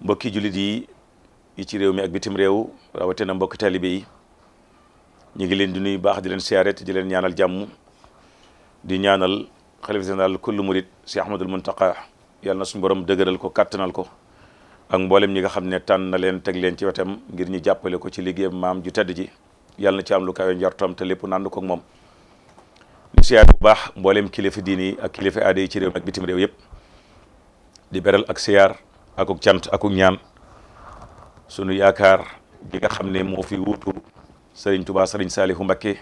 mbokki jullit yi yi ci réew mi ak bitim réew rawatina mbokki talibe yi ñu ngi leen di nuyu baax di leen siyaaret di leen ñaanal jàmm di ñaanal xalifa général kullu murid si ahmadul muntaqa yàlla na suñu borom dëgëral ko kàttanal ko ak mboolem ñi nga xam ne tànn na leen teg leen ci wetam ngir ñu jàppale ko ci liggéeyam maam ju tedd ji yàlla na ci am lu kawe te lépp nànd ko moom di siyaar bu baax mboolem kilifa diini ak kilifa aada yi ci réew mi ak bitim réew yëpp di beral ak siyaar akuk cant akuk ñaan sunu yaakaar gi nga xam ne moo fi wuutu sëriñ Touba sëriñ Saalihu Mbakke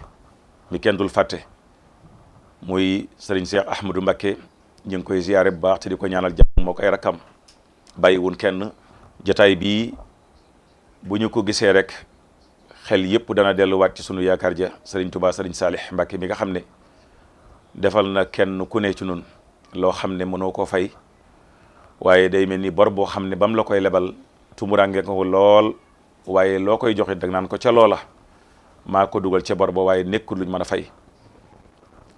mi kenn dul fàtte mooy sëriñ Cheikh Ahmadou Mbakke ñu ngi koy ziyaare bu baax te di ko ñaanal jàmm moo koy rakkam bàyyi wun kenn jataay bii bu ñu ko gisee rek xel yëpp dana delluwaat ci sunu yaakaar ja sëriñ tubaa sëriñ Saalih Mbakke mi nga xam ne defal na kenn ku ne ci nun loo xam ne mënoo koo fay waaye day mel ni bor boo xam ne ba la koy lebal tumurange ko lool waaye loo koy joxit dag naan ko ca loola maa ko dugal ca bor waaye nekkul luñ mën a fay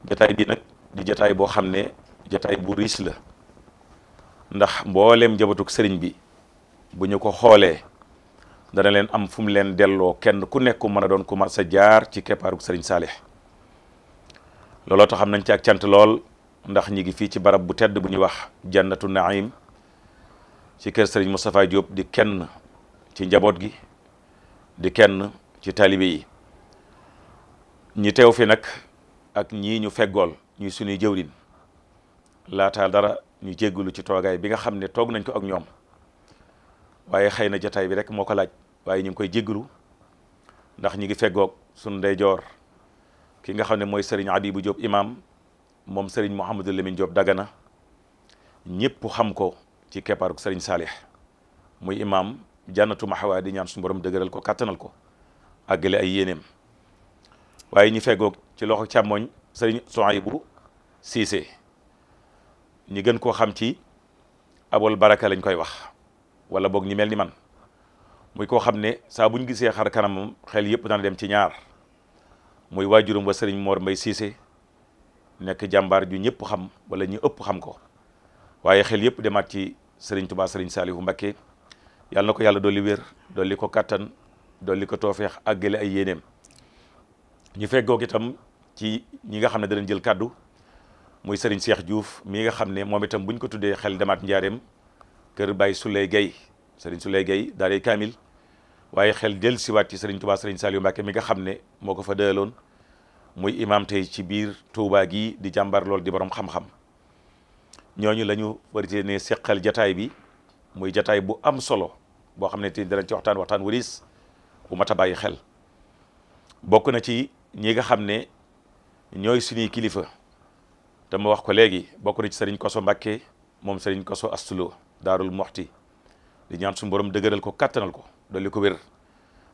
jataay bi nag di jataay boo xam ne jataay bu riis la ndax mbooleem jabatuk sëriñ bi bu ñu ko xoolee dana leen am fu mu leen delloo kenn ku nekk mën a doon ku mar sa jaar ci keppaaruk sëriñ Saalix looloo tax am nañ ci ak cant lool ndax ñi ngi fii ci barab bu tedd bu ñuy wax jannatu naim ci kër Serigne Moustapha jóob di kenn ci njaboot gi di kenn ci taalibe yi ñi teew fi nag ak ñii ñu feggool ñuy sunuy jëwriñ laata dara ñu jéggulu ci toogaay bi nga xam ne toog nañ ko ak ñoom waaye xëy na jataay bi rek moo ko laaj waaye ñu ngi koy jéggulu ndax ñu ngi feggoog sunu ndeyjoor ki nga xam ne mooy Serigne Adibou Diop imam moom Serigne Mouhamadou Lamine Diop Dagana ñëpp xam ko ci keppaaruk sëriñ Saalih muy imaam jannatu maxawaa di ñaan suñu borom dëgëral ko kattanal ko àggale ay yéeneem waaye ñu feggoog ci loxo sëriñ Serigne Souhaïbou Cissé ñi gën koo xam ci abol baraka lañ koy wax wala boog ñi mel ni man muy koo xam ne saa buñ gisee xar kanamam xel yëpp dana dem ci ñaar muy waajuram wa sëriñ Mor may siise nekk jàmbaar ju ñëpp xam wala ñu ëpp xam ko waaye xel yëpp demaat ci sëriñ Tuubaa sëriñ Saalihu Mbakke yàlla na ko yàlla dolli wér dolli ko kattan li ko toofeex àggale ay yéeneem ñu feggoog itam ci ñi nga xam ne danañ jël kàddu muy sëriñ Cheikh Diouf mi nga xam ne moom itam buñ ko tuddee xel demaat njaareem kër Baye Souley Guèye sëriñ Souley Guèye daaray Kaamil waaye xel del siwaat ci sëriñ Tuubaa sëriñ Saalihu Mbakke mi nga xam ne moo ko fa dëloon muy imaam tey ci biir tuubaa gi di jàmbar lool di borom xam-xam ñooñu lañu ñu warite ne seqal jataay bi muy jataay bu am solo boo xam ne te danañ ci waxtaan waxtaan waris bu mat a bàyyi xel bokk na ci ñi nga xam ne ñooy suñuy kilifa te wax ko léegi bokk na ci sëriñ Koso Mbàkke moom sëriñ Koso Astulo Daarul Moxti di ñaan suñu borom dëgëral ko kattanal ko dolli ko wér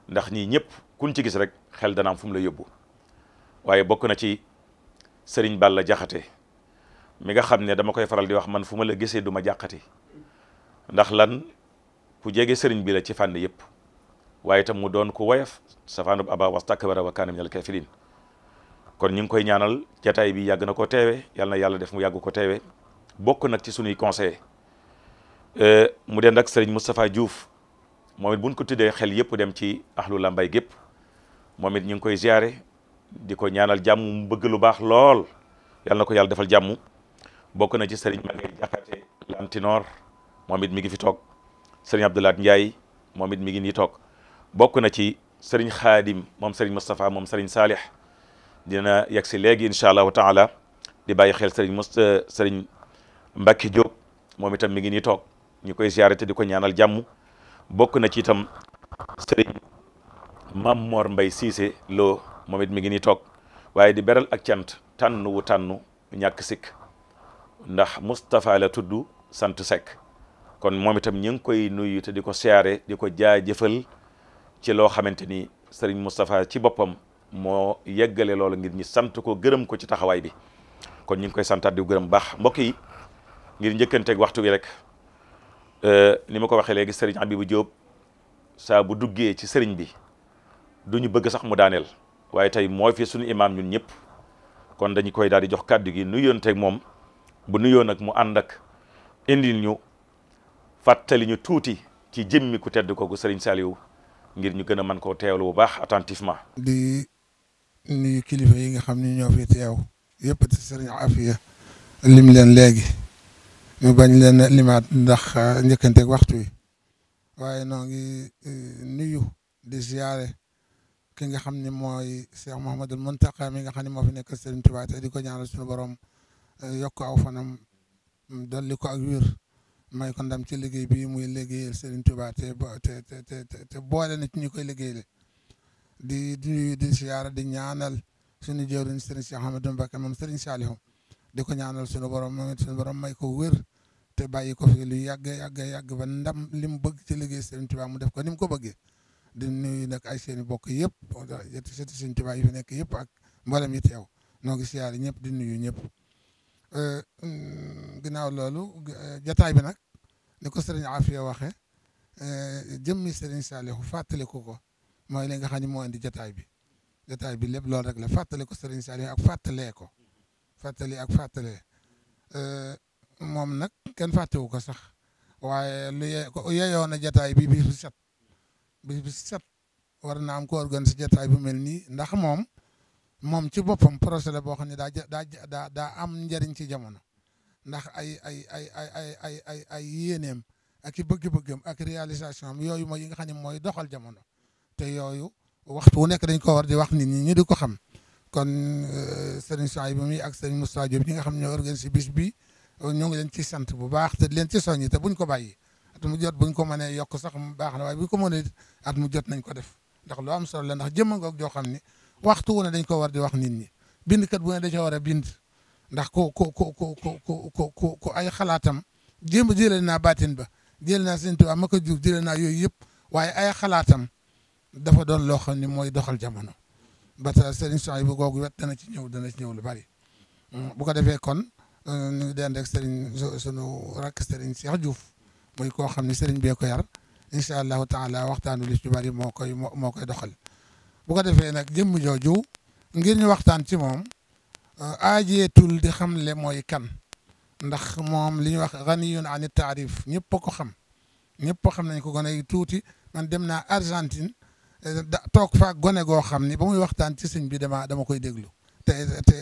ndax ñii ñëpp kun ci gis rek xel dana am la yóbbu waaye bokk na ci sëriñ Balla Jaxate mi nga xam ne dama koy faral di wax man fu ma la gisee du ma jàqati ndax lan ku jege sëriñ bi la ci fànn yëpp waaye itam mu doon ku woyof safaanub aba wastakbara wa kaana minal kafirin kon ñu ngi koy ñaanal jataay bi yàgg na ko teewe yàlla na yàlla def mu yàgg ko teewe bokk nag ci sunuy conseil euh, mu den ak sëriñ Moustapha Diouf moom it buñ ko tuddee xel yëpp dem ci ahlu lambay gépp moom it ñu ngi koy ziare di ko ñaanal jàmm mu bëgg lu baax lool yàlla ko yàlla defal jàmm bokk na ci sëriñ Magay Jaxate Lantinoor moom it mi ngi fi toog sëriñ Abdoulaat Ndiaye moom it mi ngi nii toog bokk na ci sëriñ Xaadim moom sëriñ Moustapha moom sëriñ Saalix dina yegg si léegi incha allahu taala di bàyyi xel sëriñ Mous eh, sëriñ mbakki Diop moom itam mi ngi nii toog ñu koy ziare te di ko ñaanal jàmm bokk na ci itam sëriñ Mam Mbay Siise loo moom it mi ngi nii toog waaye di beral ak cant tànn wu tànn ñàkk sikk ndax Moustapha la tudd sant Seck kon moom itam ñu ngi koy nuyu te di ko siyaare di ko jaajëfal ci loo xamante ni sëriñ Moustapha ci boppam moo yeggale loolu ngir ñi sant ko gërëm ko ci taxawaay bi kon ñu ngi koy santaat di gërëm baax mbokk yi ngir njëkkanteeg waxtu bi rek euh, ni ma ko waxee léegi sëriñ Abibou Diop saa bu duggee ci sëriñ bi du ñu bëgg sax mu daaneel waaye tey moo fi sunu imaam ñun ñëpp kon dañu koy daal di jox kàddu gi nuyonteeg moom. bu nuyoo nag mu ànd ak indil ñu fàttali ñu tuuti ci jëmmi ku tedd kooku Serigne Saliou ngir ñu gën a mën koo teewlu bu baax attentivement. di nuyu kilifa yi nga xam ne ñoo fi teew yëpp di Serigne Afia lim leen léegi ñu bañ leen limaat ndax uh, njëkkanteeg waxtu wi waaye noo ngi uh, nuyu di ziare ki nga xam ni mooy Cheikh Mouhamadul Mountakha mi nga xam ne moo fi nekk Serigne Touba di ko ñaanal suñu borom. Eh, yokk aw fanam mm, dolli ko ak wér may ko ndam ci liggéey bi muy liggéeyal Serigne Touba te te te te boole na ci ñu koy liggéeyal di di di siyaara di ñaanal suñu jëwriñ Serigne Cheikh Ahmadou Mbacké moom Serigne Saliou di ko ñaanal suñu borom borom may ko wér te bàyyi ko fi lu yàgg yàgg yàgg ba ndam li mu bëgg ci liggéey Serigne mu def ko ni mu ko bëggee di nuyu nag ay seen i bokk yëpp yëpp Serigne Touba yi fi nekk yëpp ak mboolem mi tew noo ngi siyaare ñëpp di nuyu ñëpp. Euh, mm, ginnaaw loolu euh, jataay bi nag ni ko sëriñ Afia waxee euh, jëmmi sëriñ Saliou ku ko mooy li nga xam ne moo indi jataay bi jataay bi lépp loolu rek la fàttali ko sëriñ Saliou ak fàttalee ko fàttali ak fàttalee moom nag kenn fàttewu ko sax waaye lu yeyoon na jataay bi bis bu set bis set war na am ko organiser jataay bu mel nii ndax moom moom ci boppam projet la boo xam ne daa daa daa am njariñ ci jamono ndax ay ay ay ay ay ay ay ay yéeneem ak i bëgg-bëggam ak réalisation am yooyu mooy yi nga xam ne mooy doxal jamono te yooyu waxtu wu nekk dañ ko war di wax nit ñi ñu di ko xam kon euh, sëriñ Saïb mi ak sëriñ Moustapha Diop ñi nga xam ne ñoo organisé bis bi ñoo ngi leen ci sant bu baax te leen ci soññi te buñ ko bàyyi at mu jot buñ ko mënee yokk sax mu baax na waaye buñ ko mënee at mu jot nañ ko def ndax loo am solo la ndax jëmm ngoog joo xam ne waxtu wu ne dañ ko war di wax nit ñi bindkat bu ne da cee war a bind ndax ko ko ku ku ku ay xalaatam jéem a jëlee naa baatin ba jëlee naa Sëñ Tuubaa ma ko juuf jëlee naa yooyu yëpp waaye ay xalaatam dafa doon loo xam ne mooy doxal jamono ba sa Sëriñ Suhaybu googu wet dana ci ñëw dana ci ñëw lu bari. Mm, bu ko defee kon euh, ñu ngi Sëriñ sunu rakk Sëriñ Cheikh Diouf muy koo xam ne Sëriñ bee ko yar incha allahu taala waxtaanu li ci bari moo koy moo koy doxal. bu ko defee nag jëmm jooju ngir ñu waxtaan ci moom aa euh, aajeetul di xam le mooy kan ndax moom li ñuy wax ganiyun ani taarif ñëpp a ko xam ñëpp xam nañ ko gone yi tuuti man dem naa Argentine euh, da toog fa gone goo xam ni ba muy waxtaan ci sëñ bi dama dama koy déglu te te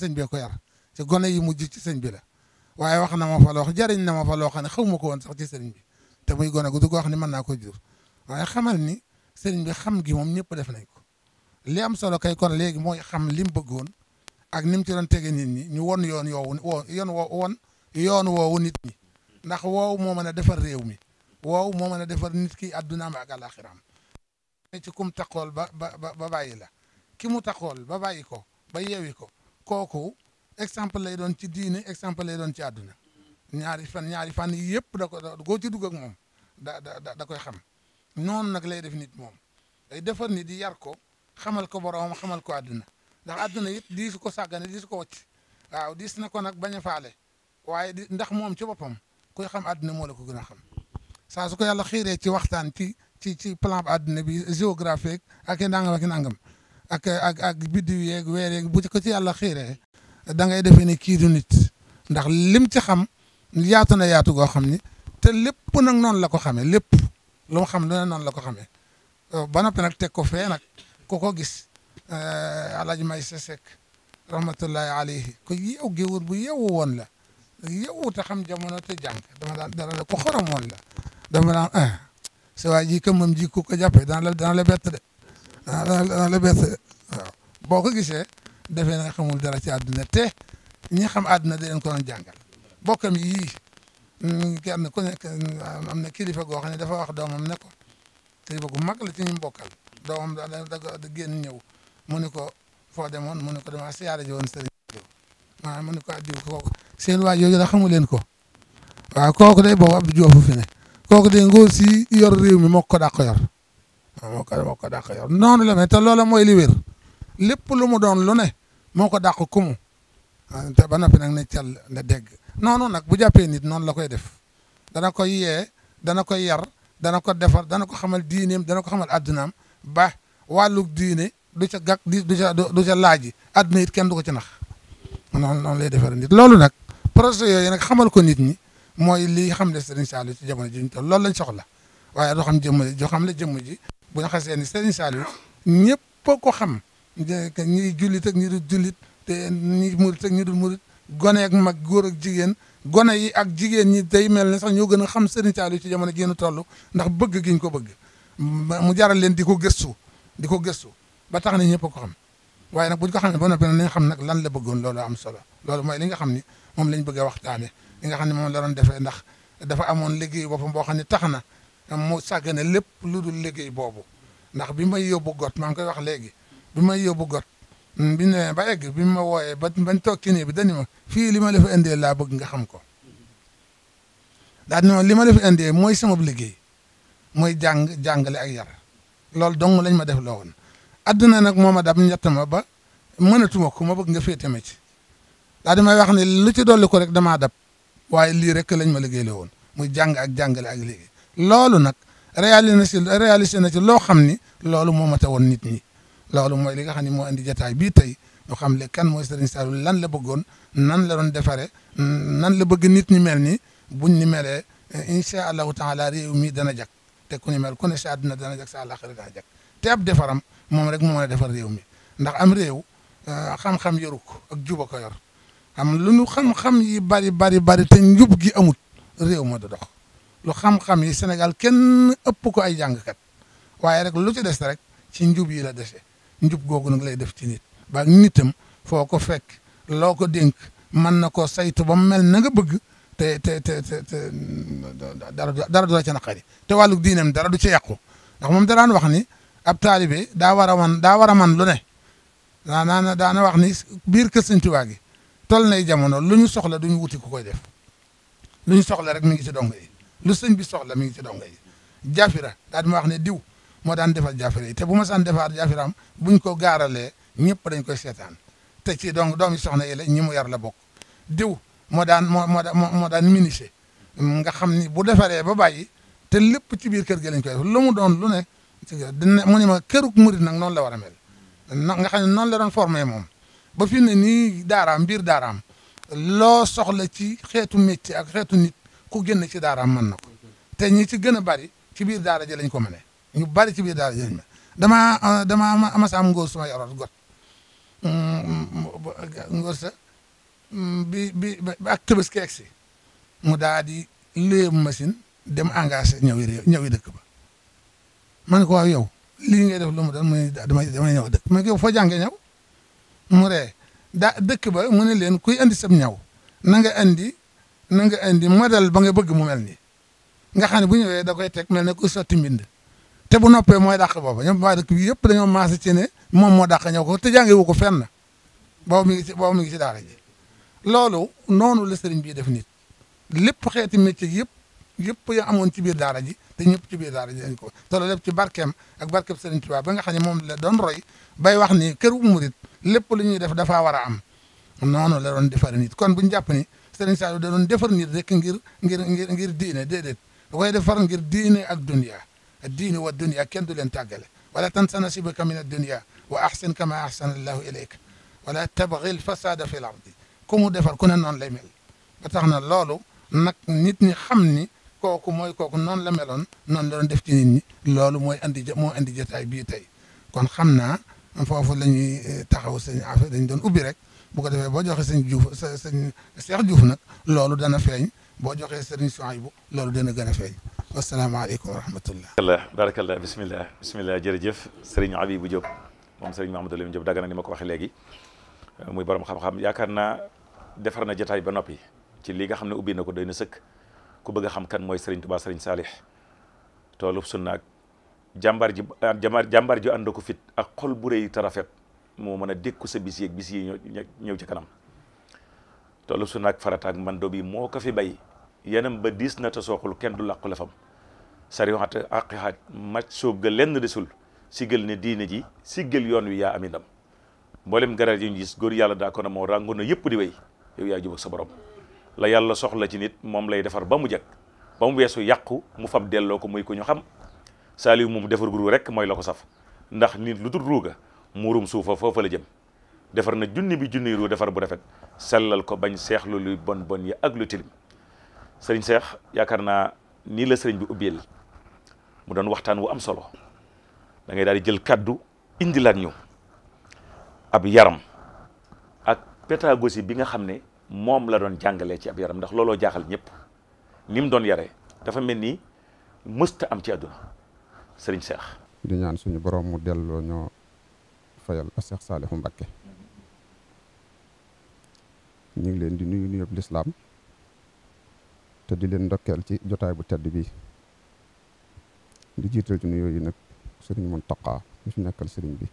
sëñ bee ko yar te gone yi mujj ci sëñ bi la waaye wax na ma fa loo xam jariñ na ma fa loo xam ne xaw ma ko woon sax ci sëñ bi te muy gone gu du ko wax ni mën naa ko jur waaye xamal ni sëñ bi xam gi moom ñëpp def nañ ko li am solo kay kon léegi mooy xam li mu bëggoon ak ni mu ci doon tege nit ñi ñu won yoon yoowu woo yoon woo won yoon woowu nit ñi ndax woow moo mën a defar réew mi woow moo mën a defar nit ki addunaam ak alaxiraam ne ci kum taxool ba ba ba bàyyi la ki mu taxool ba bàyyi ko ba yeewi ko kooku exemple lay doon ci diine exemple lay doon ci àdduna ñaari fan ñaari fan yi yëpp da ko goo ci dugg ak moom da da da koy xam noonu nag lay def nit moom day defar nit di yar ko xamal ko boroom xamal ko àdduna ndax adduna it diisu ko sàggane diisu ko wacc waaw diis na ko nag baña a faale waaye di ndax moom ci boppam kuy xam àdduna moo la ko gën a xam saa su ko yàlla xiiree ci waxtaan ci ci ci plan àdduna bi géographique ak i nangam ak nangam ak ak ak biddiw yeeg weer yeeg bu ko ci yàlla xiiree da ngay defee ne kii du nit ndax lim ci xam yaatu na yaatu goo xam ni te lépp nag noonu la ko xamee lépp lu mu xam lu noonu la ko xamee ba noppi nag teg ko fee nag. ku ko gis eh, alaaji may sa rahmatullahi alayhi ko yeew géwër bu yeewu woon la yeewu te xam jamono te jànk dama daan dara la ko xorom woon la dama daan ah jàppee dana dana la bett boo ko gisee defee na nga dara ci àdduna te ñi xam àdduna di leen ko doon jàngal bokkam yii mm, kenn ku nekk am na kilifa goo xam ne dafa wax doomam ne ko kilifa gu mag la ci ñu doomam da da da génn ñëw mu ni ko foo demoon mu ni ko damaa ji woon mu ni ko seen waa jooju da leen ko kooku day boobu Abdou Diouf fi ne kooku si yor ko dàq yor moo ko moo ko mooy li lépp lu mu doon lu moo ko dàq kumu ah, ba noppi nag ne cal ne dégg noonu nag bu jàppee nit noonu la koy def dana koy yee dana koy yar dana ko defar dana ko xamal diineem dana ko xamal addunaam ba wàllu diine du ca gàkk du ca du ca laaj yi àdduna it kenn du ko ci nax noonu noonu lay defaree nit loolu nag projet yooyu nag xamal ko nit ñi mooy li xam ne Serigne Saliou ci jamono ji ñu toll loolu lañ soxla waaye doo xam jëmm ji doo xam ne jëmm ji bu ñu xasee ni Serigne Saliou ñëpp ko xam ñi jullit ak ñi dul jullit te ñi murit ak ñi dul murit gone ak mag góor ak jigéen gone yi ak jigéen ñi day mel ne sax ñoo gën a xam Serigne Saliou ci jamono ji ñu toll ndax bëgg giñ ko bëgg mu jaral leen di ko gëstu di ko gëstu ba tax na ñëpp ko xam waaye nag bu ñu ko xamee ba noppi nag nañ xam nag lan la bëggoon loolu am solo loolu mooy li nga xam ni moom lañ bëgg a waxtaane li nga xam ne moom la doon defee ndax dafa amoon liggéey boppam boo xam ne tax na mu sàggane lépp lu dul liggéey boobu ndax bi ma yóbbu got maa ngi koy wax léegi bi may yóbbu got mm, bi ne ba egg bi ma wooyee ba bañ toog bi dañu ma fii li ma la indee laa bëgg nga xam ko daal di li ma la fi indee mooy sama liggéey mooy jàng jàngale ak yar loolu dong lañ ma def loo woon adduna nag moo ma dab ñett ma ba mënatuma ko ma bëgg nga féete ma ci daal di may ne lu ci dolli ko rek damaa dab waaye lii rek lañ ma liggéeyloo woon mooy jàng ak jàngale ak léegi loolu nag réalisé na ci réalisé na ci loo xam ni loolu moo ma tawoon nit ñi loolu mooy li nga xam ne moo indi jataay bii tey ñu xam le kan mooy Serigne Saliou lan la bëggoon nan la doon defaree nan la bëgg nit ñi mel nii buñ ni melee incha allahu taala réew mi dana jag te ku mel ku ne sa àdduna dana jag sa àllaxira dana jag te defaram moom rek moo mën defar réew mi ndax am réew euh, xam-xam yoru ko ak juba ko yor am lu nu xam yi bari bari bari te njub gi amut réew ma da lu xam-xam yi Sénégal kenn ëpp ko ay jàngkat waaye rek lu ci des rek ci njub yi la dese njub googu nag lay def ci nit ba nitam foo ko fekk loo ko dénk mën na koo saytu ba mu mel na nga bëgg te te te te dara dara du la ca naqari te wàllu diinam dara du ci yàqu ndax moom da daan wax ni ab taalibe daa war a man daa war a man lu ne na daana wax ni biir kër Sëñ Tuubaa gi tol nay jamono lu ñu soxla duñu wuti ku koy def lu ñu soxla rek mi ngi ci dongo yi lu sëñ bi soxla mi ngi ci dongo yi jaafira daal di ma wax ne diw moo daan defal jaafira yi te bu ma saan defar jaafiraam buñ ko gaaralee ñëpp dañ koy seetaan te ci donc yi soxna yi la ñi mu yar la bokk diw moo daan moo moo daan moo daan menuisier nga xam ni bu defaree ba bàyyi te lépp ci biir kër gi lañ koy def lu mu doon lu ne dina mu ne ma këruk murit nag noonu la war a mel nga xam ne noonu la doon formé moom ba fi ne nii daaraam biir daaraam loo soxla ci xeetu métier ak xeetu ni ku génn ci daaraam mën na ko te ñi ci gën a bari ci biir daara ji lañ ko mënee ñu bari ci biir daara ji lañ damaa damaa ma am ngóor su ma yoroon got mm, mm, mm, sa bi bi ak Tabaski agsi mu daa di léebu machine dem engagé ñëwi réew ñëwi dëkk ba man ko waaw yow lii ngay def lu mu doon mu ne damay damay ñëw dëkk man ko foo jàngee ñëw mu ree daa dëkk ba mu ne leen kuy andi sam ñaw na nga andi na nga andi modèle ba nga bëgg mu mel ni nga xam ne bu ñëwee da koy teg mel ne ku sotti mbind te bu noppee mooy dàq booba ñoom waa dëkk bi yëpp dañoo maase ci ne moom moo dàq ñëw ko te jàngee wu ko fenn boobu mi ngi ci boobu mi ngi ci daara ji loolu noonu la sëriñ bii def nit lépp xeeti métier yëpp yëpp ya amoon ci biir daara ji te ñëpp ci biir ko te loolu lépp ci barkeem ak barkeem sëriñ Tuubaa ba nga xam ne moom la doon roy bay wax ni kër wu murit lépp lu ñuy def dafaa war a am noonu la doon defar nit kon bu ñu jàpp ni sëriñ Saliou doon defar nit rek ngir ngir ngir ngir diine déedéet da koy defar ngir diine ak dunya diine wa dunya kenn du leen tàggale wala tansa nasibaka min ad dunya wa ahsin kama ahsana allahu ilayk wala tabghi al fasada fi l ardi ku mu defar ku ne noonu lay mel ba tax na loolu nag nit ñi xam ni kooku mooy kooku noonu la meloon noonu la def ci nit loolu mooy andi moo andi jotaay bii tey kon xam naa foofu la eh, taxaw sëñ affaire dañ doon ubbi rek bu ko defee boo joxee sëñ Juuf sa sëñ Seex Juuf nag loolu dana feeñ boo joxee sëriñ Suhaybu loolu dana gën a feeñ wasalaamaaleykum wa rahmatullah allah barakallah bismillah bismillah jërëjëf sëriñ Abibu Jóob moom sëriñ Mahamadou Lim Jóob Dagana ni ma ko waxee léegi defar na jataay ba noppi ci li nga xam ne ubbi na ko doy na sëkk ku bëgg a xam kan mooy Serigne Touba Serigne Salih toolub sunna ak jàmbaar ji ah, jàmbaar jàmbaar ji ànd ko fit ak xol bu rëy te rafet moo mën a dékku sa bis yeeg bis yi ñëw ci kanam toolub sunna ak farata ak mando bi moo ko fi bay yenam ba diis na te sooxul kenn du làqu la fam sariwaat àq xaaj maj soob ga lenn desul siggal ne diine ji siggal yoon wi yaa am i ndam mboolem garab yi ñu gis góor yàlla daa ko na moo ràngoon na yëpp di way yow yaa jub ak sa borom la yàlla soxla ci nit moom lay defar ba mu jag ba mu weesu yàqu mu fab delloo ko muy ko ñu xam saaliw mu defar guru rek mooy la ko saf ndax nit lu dul ruuga muurum suufa foofa la jëm defar na junni bi junni ruu defar bu rafet sellal ko bañ seexlu luy bon bon yi ak lu tilim sëriñ seex yaakaar naa nii la sëriñ bi ubbil mu doon waxtaan wu am solo da daal di jël kaddu indilaat ñu ab yaram pédagogie bi nga xam ne moom la doon jàngalee ci ab yaram ndax looloo jaaxal ñépp ni doon yare dafa mel ni mësta am ci àdduna sëriñ Cheikh. di ñaan suñu borom mu delloo ñoo fayal a Cheikh Saliou Mbacké ñu ngi leen di nuyu nuyub lislaam te di leen ndokkeel ci jotaay bu tedd bii di jiital ci nuyoo yi nag sëriñ Mountakha ñu su nekkal sëriñ bi.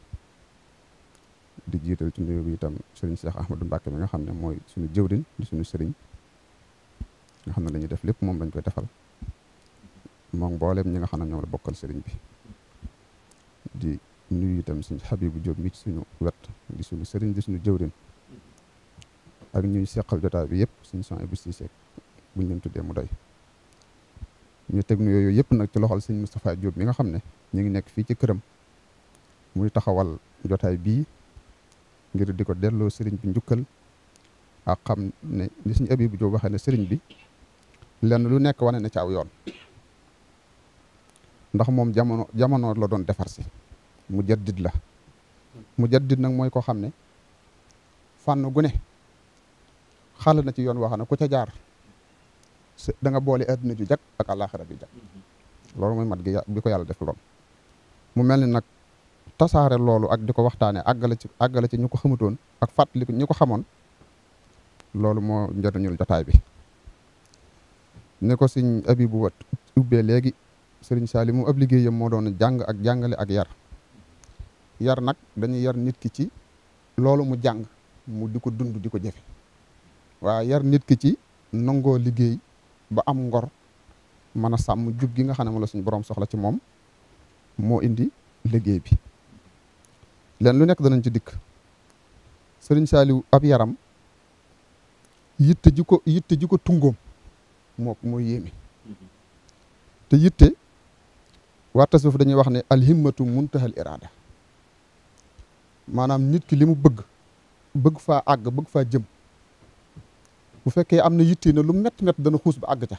di jiital ci nuyoo bi itam sëriñ Cheikh Ahmadou Mbacke mi nga xam ne mooy suñu jëwriñ di suñu sëriñ nga xam ne la def lépp moom lañ koy defal moom mbooleem ñi nga xam ne ñoom la bokkal sëriñ bi di nuyu itam suñu Habibu Diop mi ci suñu wet di sëriñ di suñu jëwriñ ak ñuy seqal jotaay bi yëpp suñu son bu buñ leen tuddee mu doy ñu teg nuyoo yooyu yëpp nag ci loxol sëñ Moustapha Diop mi nga xam ne ñu ngi nekk fii ci këram muy taxawal jotaay bii ngir di ko delloo sëriñ bi njukkal ak xam ne li suñu abi bu jóg waxee ne sëriñ bi lenn lu nekk wane na ci aw yoon ndax moom jamono jamono la doon defar si mu jaddid la mu jaddid nag mooy koo xam ne fànn gu ne xàll na ci yoon wax na ku ca jaar da nga boole àdduna ju jag ak àllaaxira ju jag mm-hmm. loolu mooy mat gi bi ko yàlla def loon mu mel ni nag tasaare loolu ak di ko waxtaanee àggale ci àggale ci ñu ko xamutoon ak fàttali ñi ko xamoon loolu moo njëriñul jotaay bi. ne ko sëñ Abibu wat ubbee léegi sëriñ Saali moom ab liggéeyam moo doon jàng ak jàngale ak yar yar nag dañuy yar nit ki ci loolu mu jàng mu di ko dund di ko jëfe waaye yar nit ki ci nangoo liggéey ba am ngor mën a sàmm jub gi nga xam ne moom la suñu borom soxla ci moom moo indi liggéey bi. leen lu nekk danañ ci dikk sëriñ saaliw ab yaram yitte ji ko yitte ji ko tungoom moo moo yéeme te yitte waa tasawuf dañuy wax ne alhimmatu muntahal iraada maanaam nit ki limu bëgg bëgg faa àgg bëgg faa jëm bu fekkee am na yitte na lu mett métti dana xuus ba àgg ca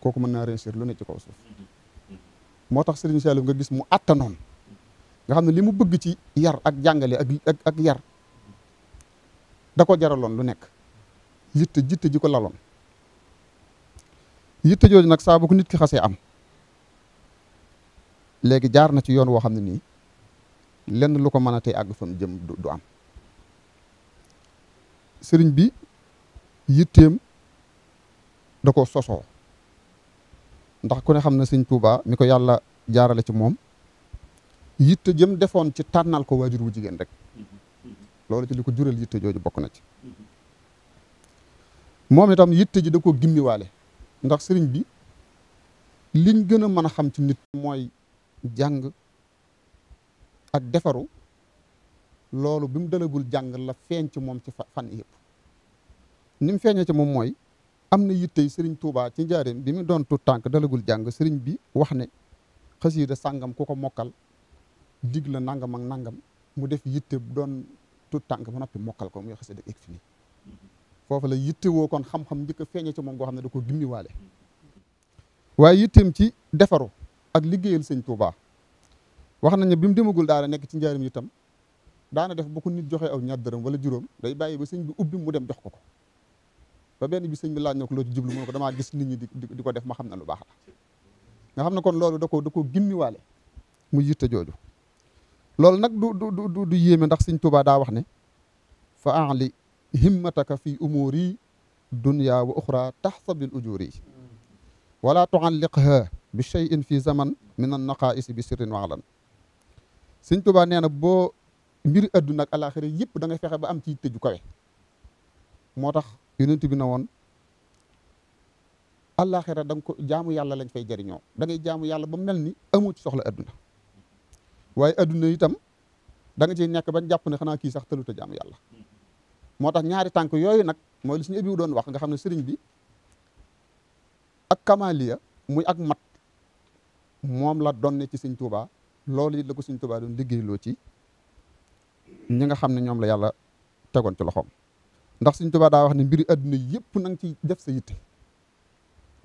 kooku mën naa réussir lu ne ci kaw suuf moo tax sëriñ Saliou nga gis mu àttanoon nga xam ne li mu bëgg ci yar ak jàngale ak ak yar da ko jaraloon lu nekk yitte jitte ji ko laloon yitte jooju nag saa ko nit ki xasee am léegi jaar na ci yoon woo xam ne nii lenn lu ko mën a tey àgg jëm du am sëriñ bi yitteem da ko sosoo ndax ku xam na sëñ Tuubaa mi ko yàlla jaarale ci moom yitte jëm defoon ci tànnal ko waajur wu jigéen rek mhm. Mhm. loolu ci li ko jural yitte jooju bokk na ci mhm. moom itam yitte ji da koo gimmiwaale ndax sëriñ bi liñ gën a mën a xam ci nit mooy jàng ak defaru loolu bi mu dalagul jàng la feeñ ci moom ci fan yëpp ni mu feeñee ci moom mooy am na yitte yi sëriñ Touba ci njaareem bi mu doon tut tànk dalagul jàng sëriñ bi wax ne xasiida sàngam ku ko mokkal dig la nangam ak nangam mu def yitte doon tut tànk ba noppi mokkal ko mu xasida egg fii foofu la yitte woo kon xam-xam njëkk a feeñe ci moom goo xam ne da ko gimmiwaale waaye yitteem ci defaru ak liggéeyal sëñ Tuubaa wax nañ bi mu demagul daara nekk ci njaarim itam daana def bu ko nit joxee aw ñaar dërëm wala juróom day bàyyi ba sëñ bi ubbi mu dem jox ko ko ba benn bi sëñ bi laaj na loo ci jublu damaa gis nit ñi di ko def ma xam ne lu baax nga xam ne kon loolu da ko da koo gimmiwaale mu yitte jooju loolu nag du du du du ndax Sëñ Tuubaa daa wax ne fa ali himmataka fi umuuri dunya wa uxra taxsabil ujuri wala tualliqha bi cheyin fi zaman min an naqaisi bi sirrin waalan Sëñ Tuubaa nee na boo mbiri àdduna ak alaxira yëpp da ngay fexe ba am ci tëju kawe moo tax yonent tibina na woon alaxira da jaamu yàlla lañ fay jariñoo da ngay jaamu yàlla ba mel ni amoo ci soxla àdduna waaye adduna yitam danga nga ciy nekk bañ jàpp ne xanaa kii sax tëluta jaam yàlla moo tax ñaari tànk yooyu nag mooy li suñu ëbiwu doon wax nga xam ne sëriñ bi ak kamaliya muy ak mat moom la donne ci sëñ Tuubaa loolu it la siñ sëñ Tuubaa doon liggéeyloo ci ñi nga xam ne ñoom la yàlla tegoon ci loxoom ndax sëñ Tuubaa daa wax ne mbiri adduna yëpp na nga ci def sa yitte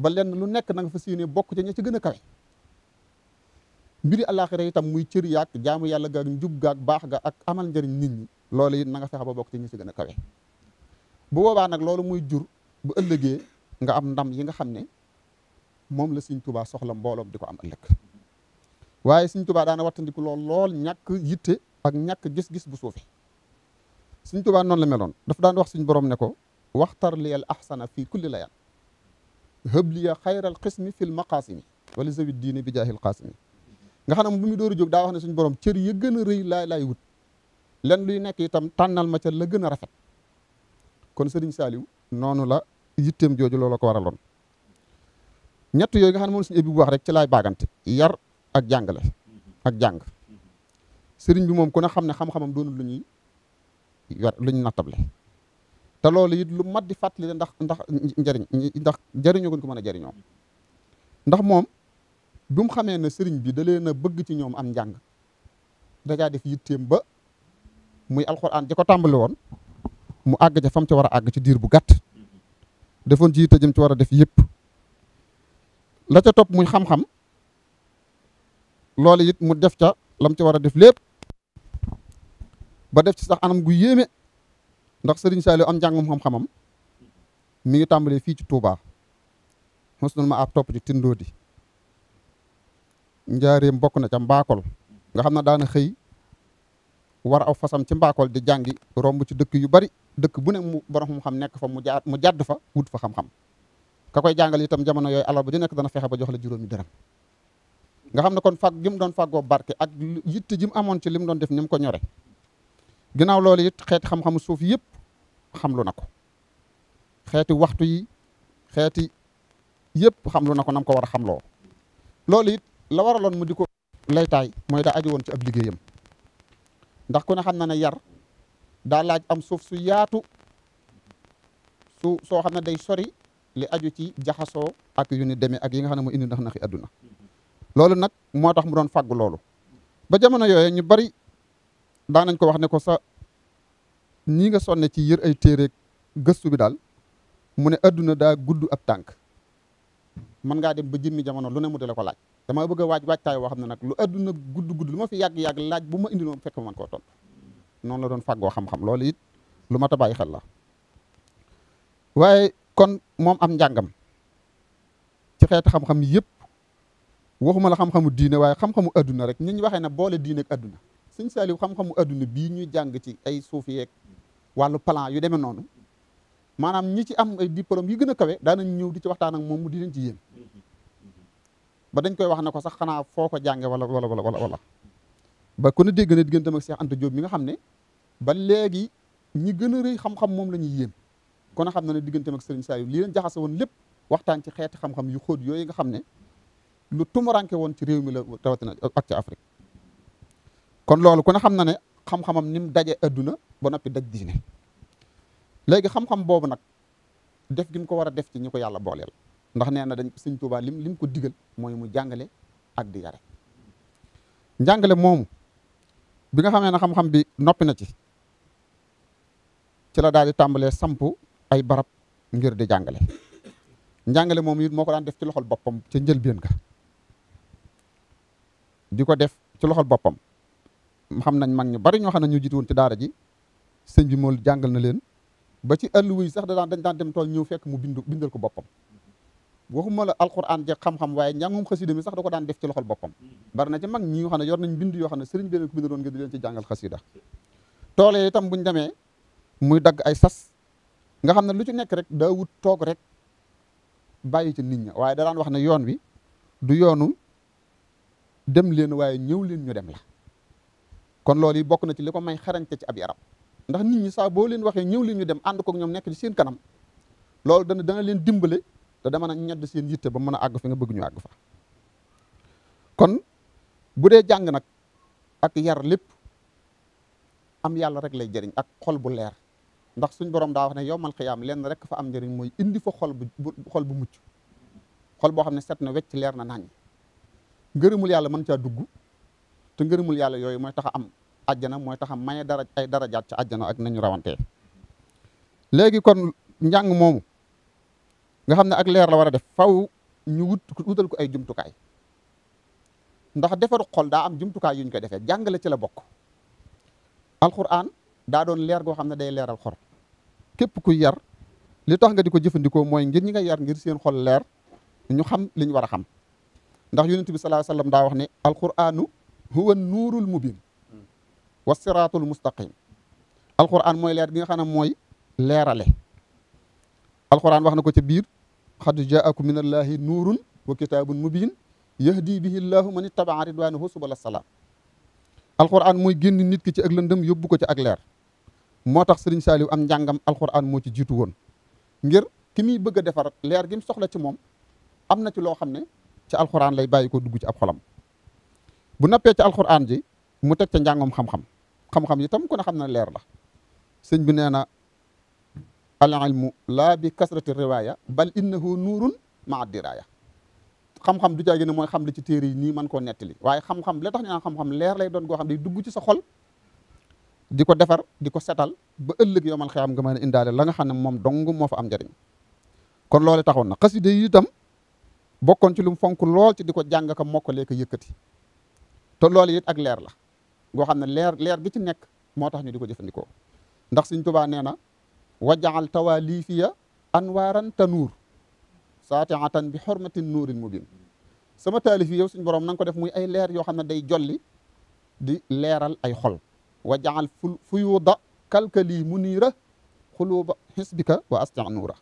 ba lenn lu nekk na nga fa siyéne bokk ca ña ci gën a kawe mbiri àllaaxira tam muy cër yaag jaamu yàlla gaag njub gaag baax ga ak amal njariñ nit ñi loolu it na nga fexe ba bokk ci ñi si gën a kawe bu boobaa nag loolu muy jur bu ëllëgee nga am ndam yi nga xam ne moom la Sëñ tubaa soxla mbooloom di ko am ëllëg waaye Sëñ Tuubaa daana wattandiku lool lool ñàkk yitte ak ñàkk gis-gis bu suufe Sëñ Tuubaa noonu la meloon daf daan wax suñ boroom ne ko waxtar liyal ahsana fii kulli layaan hëbliya xayral qismi fil maqaasimi wala zawi diine bi jaahil qaasimi nga xam ne bu mu dóor a jóg daa wax ne suñu borom cër ya gën a rëy laay lay wut len luy nekk itam tànnal ma ca la gën a rafet kon sëriñ Saliou noonu la yitteem jooju loolu ko waraloon ñett yooyu nga xam ne moom suñu ébi bu wax rek ci laay baagante yar ak jàngale ak jàng sëriñ bi moom ku ne xam ne xam-xamam doonul lu ñuy yor lu ñu nattable te loolu it lu mat di fàttali ndax ndax njëriñ ndax jëriñoo guñ ko mën a jëriñoo ndax moom bi mu xamee ne sëriñ bi da leen a bëgg ci ñoom am njàng dajaa def yitteem ba muy alxuraan ji ko woon mu àgg ca fam ca war a àgg ci diir bu gàtt defoon ci yitte jëm ci war a def yëpp la ca topp muy xam loolu it mu def ca lam ca war a def lépp ba def ci sax anam gu yéeme ndax sëriñ Saliou am njàngum xam-xamam mi ngi tàmbalee fii ci Touba mos na ma ab topp ci Tindodi njaareem bokk na ca mbaakol nga xam ne daana xëy war aw fasam ci mbaakol di jàngi romb ci dëkk yu bari dëkk bu ne mu borom mu xam nekk fa mu jaar mu jàdd fa wut fa xam-xam ka koy jàngal itam jamono yooyu alal ba di nekk dana fexe ba jox la juróomi dërëm nga xam ne kon fàgg gi doon doon fàggoo barke ak yitte ji amoon ci li doon def ni ko ñore ginnaaw loolu it xeeti xam-xamu suuf yëpp xam na ko xeeti waxtu yi xeeti yëpp xam lu na ko nam ko war a xamloo loolu la waraloon mu di ko laytaay mooy daa aju woon ci ab liggéeyam ndax ku ne xam na ne yar daa laaj am suuf su yaatu su soo xam ne day sori li aju ci jaxasoo ak yu ni demee ak yi nga xam ne mooy indi ndax naxi àdduna loolu nag moo tax mu doon faggu loolu ba jamono yooyu ñu bari daan nañ ko wax ne ko sa nii nga sonne ci yër ay téere gëstu bi daal mu ne àdduna daa gudd ab tànk man ngaa dem ba jëmmi jamono lu ne mu dele ko laaj damaa bëgg a waaj waajtaay woo xam ne nag lu adduna gudd gudd lu ma fi yàgg-yàgg laaj bu ma indi noonu fekk ma mën koo topp noonu la doon fàggoo xam-xam loolu it lu mat a bàyyi xel la waaye kon moom am njàngam ci xeetu xam-xam yëpp waxuma la xam-xamu diine waaye xam-xamu adduna rek ni ñu waxee ne boole diine ak adduna sëñ Saaliw xam-xamu adduna bii ñuy jàng ci ay suuf yeeg wàllu plan yu demee noonu maanaam ñi ci am ay diplôme yi gën a kawe daanañ ñëw di ci waxtaan ak moom mu ci yéen ba dañ koy wax ne ko sax xanaa foo ko jànge wala wala wala wala ba kon ne dégg na digganteem ak Cheikh Anta Diop mi nga xam ne ba léegi ñi gën a rëy xam-xam moom la ñuy yéem kon a xam na ne digganteem ak Serigne Saliou lii leen jaxase woon lépp waxtaan ci xeeti xam-xam yu xóot yooyu nga xam ne lu tumuranke woon ci réew mi la rawatina ak ci Afrique kon loolu ku ne xam na ne xam-xamam ni mu daje adduna ba noppi daj diine léegi xam-xam boobu nag def gi ko war a def ci ñi ko yàlla booleel ndax nee na dañ sëñ Tuubaa lim lim ko digal mooy mu jàngale ak di yare njàngale moomu bi nga xamee ne xam-xam bi noppi na ci ci la daal tàmbalee samp ay barab ngir di jàngale njàngale moom it moo ko daan def ci loxol boppam ca njëlbéen ga di ko def ci loxol boppam xam nañ mag ñu bari ñoo xam ne ñu jiitu woon ci daara ji sëñ bi mool jàngal na leen ba ci àll wuy sax da daan dañ daan dem tool ñëw fekk mu bindu bindal ko boppam waxuma la alquran ja xam-xam waaye njàngum xasida mi sax da ko daan def ci loxol boppam bari na ci man ñi nga xam ne yor nañ bind yoo xam ne sëriñ bi ko bind doon ngir di leen ci jàngal xasida toole itam buñ demee muy dagg ay sas nga xam ne lu ci nekk rek daa wut toog rek bàyyi ci nit ña waaye da daan wax na yoon wi du yoonu dem leen waaye ñëw leen ñu dem la kon loolu yi bokk na ci li ko may xarañte ci ab yaram ndax nit ñi saa boo leen waxee ñëw leen ñu dem ànd kook ñoom nekk ci seen kanam loolu dana dana leen dimbale te dama na ñedd seen yitte ba mën a àgg fi nga bëgg ñu àgg fa kon bu dee jàng nag ak yar lépp am yàlla rek lay jëriñ ak xol bu leer ndax suñ borom daa wax ne yowmal xiyaam lenn rek fa am njëriñ mooy indi fa xol bu xol bu mucc xol boo xam ne set na wecc leer na nañ ngërëmul yàlla mën caa dugg te ngërëmul yàlla yooyu mooy tax a am àjjana mooy tax a maye dara ay darajaat ca àjjana ak nañu rawantee léegi kon njàng moomu nga xam ne ak leer la war a def faw ñu wut wutal ko ay jumtukaay ndax defaru xol daa am jumtukaay yu ñu koy defee jàngale ci la bokk alxuraan daa doon leer goo xam ne day leeral xol képp ku yar li tax nga di ko jëfandikoo mooy ngir ñi nga yar ngir seen xol leer ñu xam li ñu war a xam ndax yonent bi sallallahu alayhi wasallam daa wax ne alquranu huwa nuurul mubin wa siraatul mustaqim alquran mooy leer gi nga xam ne mooy leerale alquran wax na ko ca biir xad jaakum min allahi nuurun wa kitaabun mubiin yahdi bihi llahu man ittabaa ridwanahu subala salaam alquran mooy génn nit ki ci ak lëndëm yóbbu ko ci ak leer moo tax sëriñ saaliw am njàngam alquran moo ci jiitu woon ngir ki muy bëgg defar leer gi soxla ci moom am na ci loo xam ne ci alquran lay bàyyi ko dugg ci ab xolam bu nappee ci alquran ji mu teg ca njàngam xam-xam xam-xam itam ku ne xam na leer la bi nee na al ilmu laa bi kasrati riwaya bal innahu nuurun maa diraya xam-xam du jaage ne mooy xam li ci téere yi nii mën koo nettali waaye xam-xam la tax ñu naan xam-xam leer lay doon goo xam day dugg ci sa xol di ko defar di ko setal ba ëllëg yomal xiyam nga mën a indaale la nga xam ne moom dong moo fa am njëriñ kon loolu taxoon na xasida yi itam bokkoon ci lu mu fonk lool ci di ko jàng ka mokkalee ko yëkkati te loolu it ak leer la goo xam ne leer leer gi ci nekk moo tax ñu di ko jëfandikoo ndax Sëñ Tuubaa nee na wajaal tawaalifiya anwaaran tanuur saatiatan bi xormatin nuurin mubin sama taalif yi yow suñu borom na ko def muy ay leer yoo xam ne day jolli di leeral ay xol wajaal fu fuyuda kalkali muniira xuluuba xisbika wa astia nuura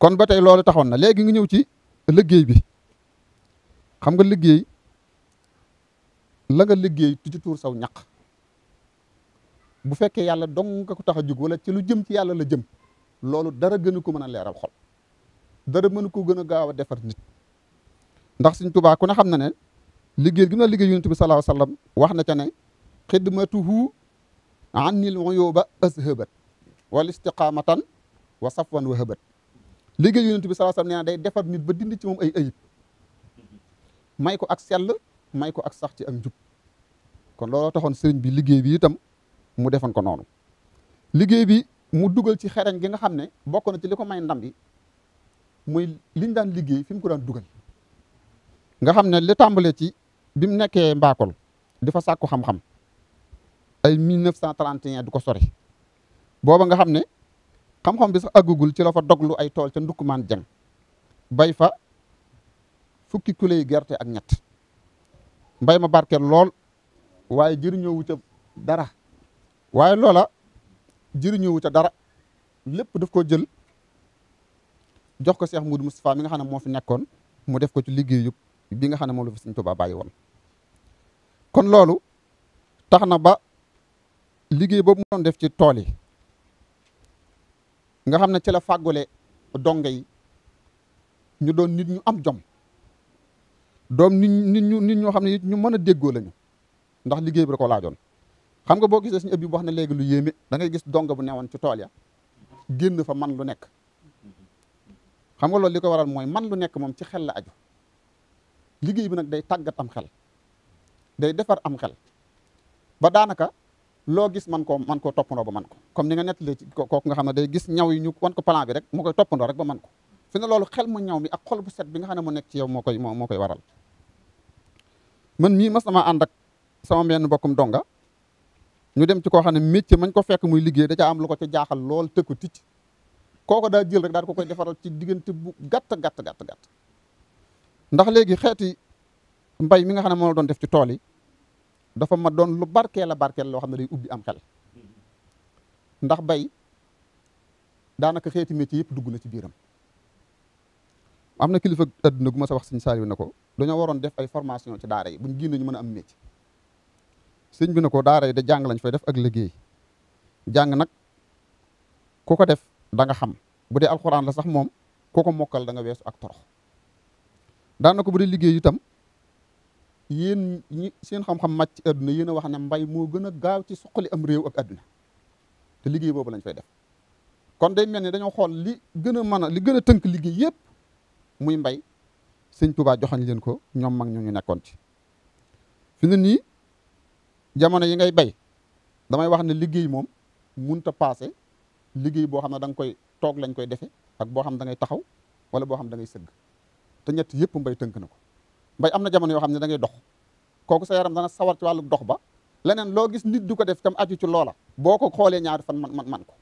kon ba tey loolu taxoon na léegi nga ñëw ci liggéey bi xam nga liggéey la nga liggéey ci tuur saw ñaq bu fekkee yàlla dong nga tax a jug wala ci lu jëm ci yàlla la jëm loolu dara gënu ko mën a leeral xol dara mënu ko gën a gaaw a defar nit ndax suñ tubaa ku ne xam na ne liggéey gi na la liggéey yonent bi sallallahu alayhi wasallam wax na ca ne xidmatuhu anil uyuba azhabat wal istiqamatan wa safwan wa habat liggéey yonent bi sallallahu alayhi wasallam nee na day defar nit ba dindi ci moom ay ayib may ko ak sell may ko ak sax ci am njub kon looloo taxoon sëriñ bi bi itam mu defoon ko noonu liggéey bi mu dugal ci xereñ gi nga xam ne bokk na ci li ko may ndam bi muy liñ daan liggéey fim mu ko daan dugal nga xam ne li tàmbale ci bi mu nekkee mbaakol di fa sàkku xam-xam ay 1931 du ko sori booba nga xam ne xam-xam bi sax àggugul ci la fa doglu ay tool ca ndukkumaan jeng bay fa fukki kilo gerte ak ñett mbay ma barkeel lool waaye jëriñoowu ca dara waaye loola jëriñoowu ca dara lépp daf ko jël jox ko Cheikh Moudou Moustapha mi nga xam ne moo fi nekkoon mu def ko ci yëpp bi nga xam ne moom la fi Sëriñ Tuubaa bàyyi kon loolu tax na ba liggéey boobu def ci tool yi nga xam ne ci la fàggule yi ñu doon nit ñu am jom doom nit ñu nit ñu nit ñoo xam ne it ñu mën a déggoo lañu ndax liggéey bi da ko laajoon xam nga boo gisee suñu ëpp bi wax na léegi lu yéeme da ngay gis dong bu newoon ci tool ya génn fa man lu nekk xam nga loolu li ko waral mooy man lu nekk moom ci xel la aju liggéey bi nag day tàggat am xel day defar am xel ba daanaka loo gis man koo man koo toppandoo ba man ko comme ni nga nettalee ko kooku nga xam ne day gis ñaw yi ñu wan ko plan bi rek mu koy toppandoo rek ba man ko fi ne loolu xel mu ñaw mi ak xol bu set bi nga xam ne mu nekk ci yow moo koy moo koy waral man mii ma sama maa ànd ak sama benn bokkum donga ñu dem ci koo xam ne métier mañ ko fekk muy liggéey da ca am lu ko ca jaaxal lool te ko ticc kooko daa jël rek daal ko koy defaral ci diggante bu gàtt gàtt gàtt gàtt ndax léegi xeeti mbay mi nga xam ne moom la doon def ci tool yi dafa ma doon lu barkeel a barkeel loo xam ne day ubbi am xel ndax bay daanaka xeeti métier yëpp dugg na ci biiram am na kilifa adduna gu ma sa wax sëñ Saliou na ko dañoo waroon def ay formation ci daara yi buñ génn ñu mën a am métier sëñ bi ne ko daara yi de jàng lañ fay def ak liggéey jàng nag ku ko def da nga xam bu dee alxuraan la sax moom ku ko mokkal da nga weesu ak torox daan na ko bu dee liggéey itam yéen ñi seen xam-xam màcc ci àdduna yéen a wax ne mbay moo gën a gaaw ci suqali am réew ak àdduna te liggéey boobu lañ fay def kon day mel ni dañoo xool li gën a mën a li gën a tënk liggéey yëpp muy mbay sëñ Tuubaa joxañ leen ko ñoom mag ñu ñu nekkoon ci fi ne nii jamono yi ngay bay damay wax ne liggéey moom munta paase liggéey boo xam ne da nga koy toog lañ koy defe ak boo xam ne da taxaw wala boo xam ne da sëgg te ñett yëpp mbay tënk na ko mbay am na jamono yoo xam ne da ngay kooku sa yaram dana sawar ci wàllu dox ba leneen loo gis nit du ko def tam aju ci loola boo ko xoolee ñaari fan man man man ko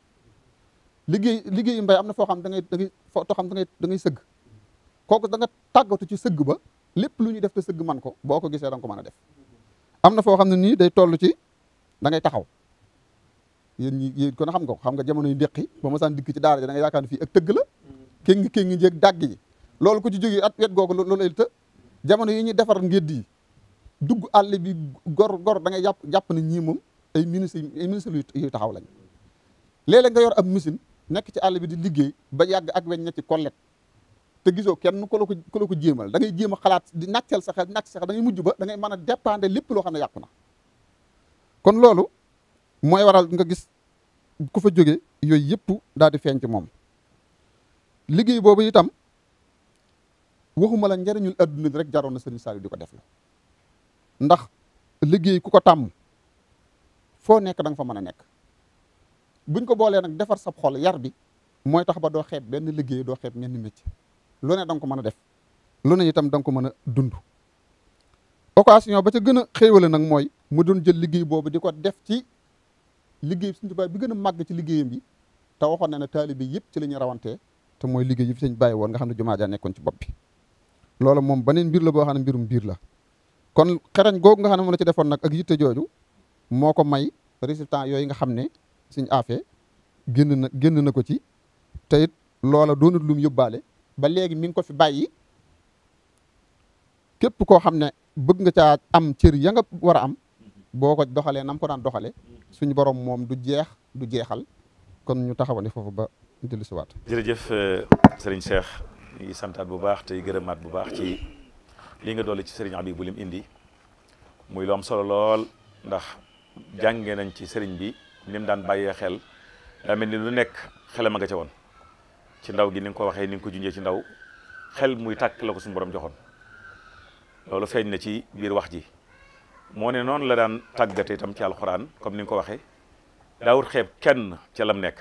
liggéey liggéeyu mbay am na foo xam da ngay da ngay xam da ngay da ngay sëgg kooku da nga tàggatu ci sëgg ba lépp lu ñuy def te sëgg man ko boo ko gisee da ko mën a def am na foo xam ne nii day toll ci dangay taxaw yéen ñi yéen kon xam nga xam nga jamono yu ndéqi ba ma saan dikk ci daara ji da ngay yaakaar ne fii ak tëgg la mm. kéngi kéngi jéeg dàgg yi loolu ku ci jógee at wet googu loolu ay të jamono yi ñuy defar ngédd yi dugg àll bi gor gor da ngay jàpp jàpp na ñii moom ay ministre ay ministre yu taxaw lañ léeg nga yor am machine nekk ci àll bi di liggéey ba yàgg ak weñ na ci te gisoo kenn ku la ko ko jéemal da ngay jéem a xalaat di nàccal sa xel nàcc sa mujj ba dangay ngay mën a dépendre lépp loo xam ne yàqu na kon loolu mooy waral nga gis ku fa jóge yooyu yëpp daal di feeñ ci moom liggéey boobu itam waxuma la njariñul adduna bi rek jaroon na Serigne Saliou di ko def la ndax liggéey ku ko tàmm foo nekk da fa mën a nekk buñ ko boolee nag defar sab xol yar bi mooy tax ba doo xeeb benn liggéey doo xeeb ñenn métier lu ne da nga ko mën a def lu ne itam da ko mën a dund occasion ba ca gën a xéewale nag mooy mu doon jël liggéey boobu di ko def ci liggéey Sëñ Tuubaa bi gën a màgg ci liggéeyam bi te waxoon na ne taalibe yëpp ci la ñu rawantee te mooy liggéey yi sëñ bàyyi nga xam ne jumaa ja nekkoon ci bopp bi loolu moom beneen mbir la boo xam ne mbirum biir la kon xerañ googu nga xam ne moom la ci defoon nag ak yitte moo ko may résultat yooyu nga xam ne suñ affaire génn na génn na ko ci te it loola doonut lum yóbbaale ba léegi mi ngi ko fi bàyyi képp koo xam ne bëgg nga caa am cër ya nga war a am boo ko doxalee nam ko daan doxalee suñu borom moom du jeex du jeexal kon ñu taxawani foofu ba dellu si waat. jërëjëf euh, Serigne Cheikh ñu ngi santaat bu baax tey gërëmaat bu baax ci li nga doole ci bi Habibou lim indi muy loom solo lool ndax jàngee nañ ci Serigne bi ni daan bàyyee xel daa mel ni lu nekk xelam a nga ca woon. ci ndaw gi ni nga ko waxee ni nga ko junjee ci ndaw xel muy takk la ko suñu borom joxoon loolu feeñ na ci biir wax ji moo ne noonu la daan tàggate itam ci alxuraan comme ni nga ko waxee daawut xeeb kenn ca lam nekk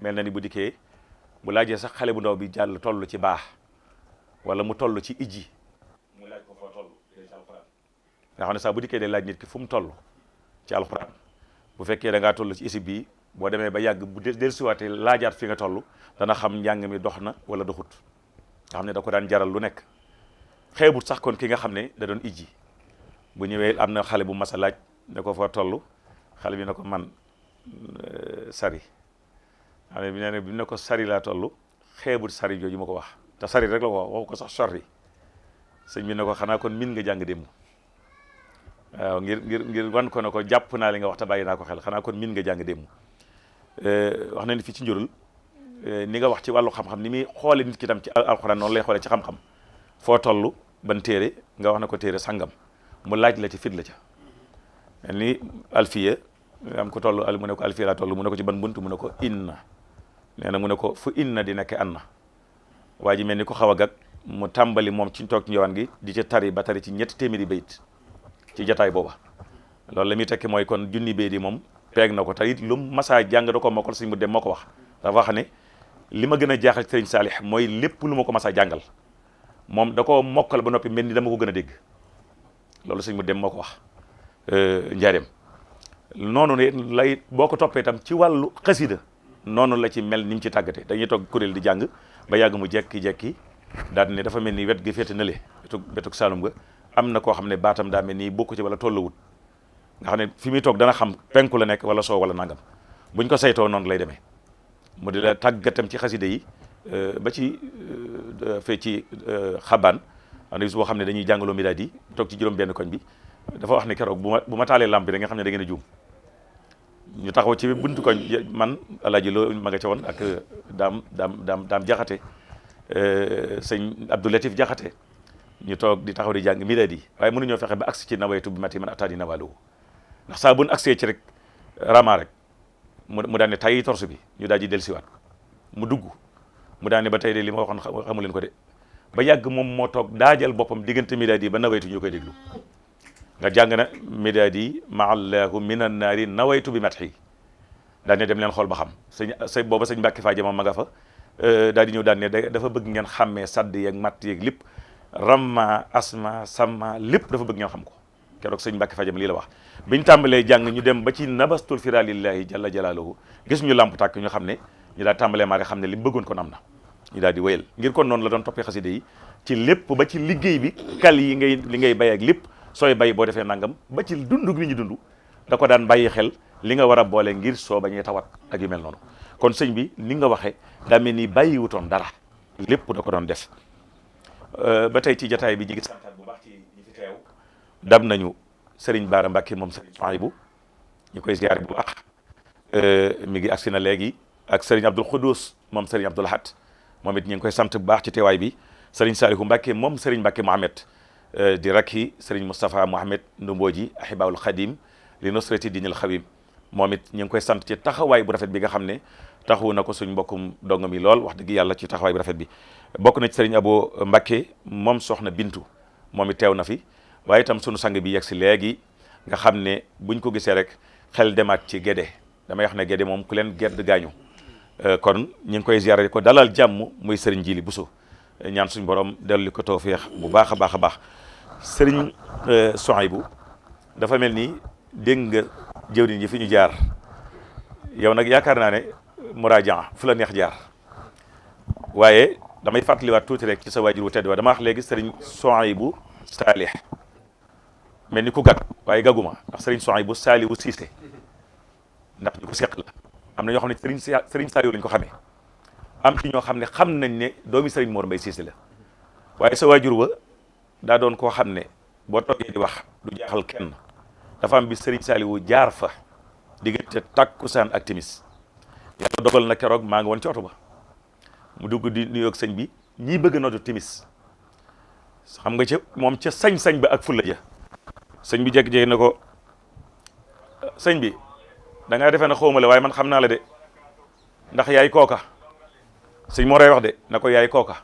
mel na ni bu dikkee bu laajee sax xale bu ndaw bi jàll toll ci baax wala mu toll ci ijji mu nga xam ne saa bu dikkee de laaj nit ki fu mu toll ci alxuraan bu fekkee da ngaa toll ci isib bi boo demee ba yàgg bu dellusiwaatee laajaat fi nga toll dana xam njàng mi dox na wala doxut nga xam ne da ko daan jaral lu nekk xeebut sax kon ki nga xam ne da doon ijji bu ñëwee am na xale bu masa laaj da ko fa toll xale bi na ko man euh, sari xale bi nee na ko sari laa toll xeebut sari jooju ma ko wax te sari rek la ko wax waxu ko sax sori sëñ bi ne ko xanaa kon min nga jàng démb waaw ngir ngir wan ko ne ko jàpp naa li nga wax te bàyyi naa ko xel xanaa kon min nga jàng démb Eh, wax nañu fii ci njurul eh, ni nga wax ci wàllu xam-xam ni muy xoole nit ki tam ci alxuraan noonu lay xoole ci xam-xam foo toll ban téere nga wax na ko téere sangam mu laaj la ci fit la ca ni alfiya am ko tollu al mu ne ko alfiya laa toll mu ne ko ci ban bunt mu ne ko inna nee na mu ne ko fu inna di nekk anna waa ji mel ni ko xaw a gag mu tàmbali moom ci toog njëwaan gi di ci tari ba tari ci ñetti téeméeri bayit ci jataay booba loolu la muy tekki mooy kon junni bayit yi moom peeg na ko te it lu masaa jàng da ko mokkal sëñ mu dem moo ko wax dafa wax ne li ma gën a jaaxal sëriñ Saalix mooy lépp lu ma ko masaa jàngal moom da ko mokkal ba noppi mel ni dama ko gën a dégg sëñ mu dem moo ko wax euh, njaareem noonu ne boo ko toppee itam ci wàllu xasida noonu la ci mel ni mu ci tàggate dañuy togg kuréel di jàng ba yàgg mu jekki-jekki daal ne dafa mel ni wet gi féete na le wetug wetug saalum ga am na koo xam ne baatam daa mel nii bokku ci wala tolluwut nga xam ne fi muy toog dana xam penku la nekk wala soo wala nangam buñ ko saytoo noonu lay deme mu di la tàggatam ci xaside yi euh, ba ci euh, fee ci euh, xabaan am na bis boo xam ne dañuy jàngaloo midaad yi toog ci juróom benn koñ bi dafa wax ne keroog bu ma bu ma taalee lamp bi da nga xam ne da ngeen a juum ñu taxaw ci buntu koñ man alaaji loo ma nga ca woon ak daam daam daam daam jaxate sëñ Abdou Latif jaxate ñu toog di taxaw di jàng midaad yi waaye mënuñoo fexe ba agsi ci nawaytu bi mati man ataani nawaluhu ndax saa bu nu agsee ci rek rama rek mu daane ne tàyyi torse bi ñu daal di dellusiwaat ko mu dugg mu daane ba tey de li ma waxoon xamu leen ko de ba yàgg moom moo toog daajal boppam diggante midaadi ba nawaytu ñu koy déglu nga jàng na mi midaadi maallahu minan naari nawaytu bi mat daan ne dem leen xool ba xam sëñ sëñ booba sëñ Mbàkke Faaje ma nga fa euh, daal di ñëw daan ne dafa bëgg ngeen xàmmee sadd yeeg matt yeeg lépp ramma asma samma lépp dafa bëgg ngeen xam ko keroog sëñ Mbàkke Fajam lii la wax biñ tàmbalee jàng ñu dem ba ci nabastul fira lillahi jalla jalaaluhu gis ñu làmp tàkk ñu xam ne ñu daal tàmbalee maa nga xam ne li mu bëggoon kon am na ñu daal di wéyal ngir kon noonu doon toppee xaside yi lépp ba ci liggéey bi kal yi ngay li ngay bay ak lépp sooy bay boo defee nangam ba ci dund gi ñu dund da ko daan bàyyi xel li nga war a boole ngir soo bañee tawat ak yu mel noonu kon sëñ bi ni nga waxee daa mel ni bàyyiwutoon dara lépp da ko doon def ba tey ci jataay bi ñu ngi santaat dab nañu Serigne Bara Mbacke moom Serigne Souhaïbou ñu koy ziare bu baax euh, mi ngi agsi na léegi ak Serigne Abdoul Khoudous moom Serigne Abdoul Hat moom it ñu ngi koy sant bu baax ci teewaay bi Serigne Salihu Mbacke moom Serigne Mbacke Mohamed euh, di rakki Serigne Moustapha Mohamed Ndombooji Ahibaul Khadim li nusrati dinil xawim moom it ñu ngi koy sant ci taxawaay bu rafet bi nga xam ne taxawu na ko suñ mbokkum dongo mi lool wax dëgg yàlla ci taxawaay bu rafet bi bokk na ci Serigne Abo Mbacke moom soxna Bintu moom it teew na fi. waaye itam sunu sang bi yegg si léegi nga xam ne buñ ko gisee rek xel demaat ci gédé damay wax ne gédé moom ku leen gedd gaañu euh, kon ñu ngi koy ziare ko dalal jàmm muy sëriñ Jili Buso ñaan suñu borom dellu ko feex bu baax a baax a baax sëriñ euh, Sohaybu dafa mel ni dégg nga jëwriñ yi fi ñu jaar yow nag yaakaar naa ne muraaja fu la neex jaar waaye damay fàttaliwaat tuuti rek ci sa waajur wu tedd wa dama wax léegi sëriñ Sohaybu Saalih mel ni ku gag waaye gaguma ndax Serigne Soxna bu saali wu siise ndax ñu ko seq la am na ñoo xam ne Serigne Serigne Saliou lañ ko xamee am ci ñoo xam ne xam nañ ne doomi Serigne moor Mbaye siise la waaye sa waajur ba daa doon koo xam ne boo toogee di wax du jaaxal kenn dafa am bi Serigne Saliou jaar fa diggante takkusaan ak timis yàlla dogal na keroog maa ngi woon ci oto ba mu dugg di nuyoog sëñ bi ñii bëgg nootu timis xam nga ca moom ca sañ-sañ ba ak fulla sëñ bi jékki-jékki ne ko sëñ bi da ngaa defee ne xawma la waaye man xam naa la de ndax yaay kooka sëñ moo rey wax de na ko yaay kooka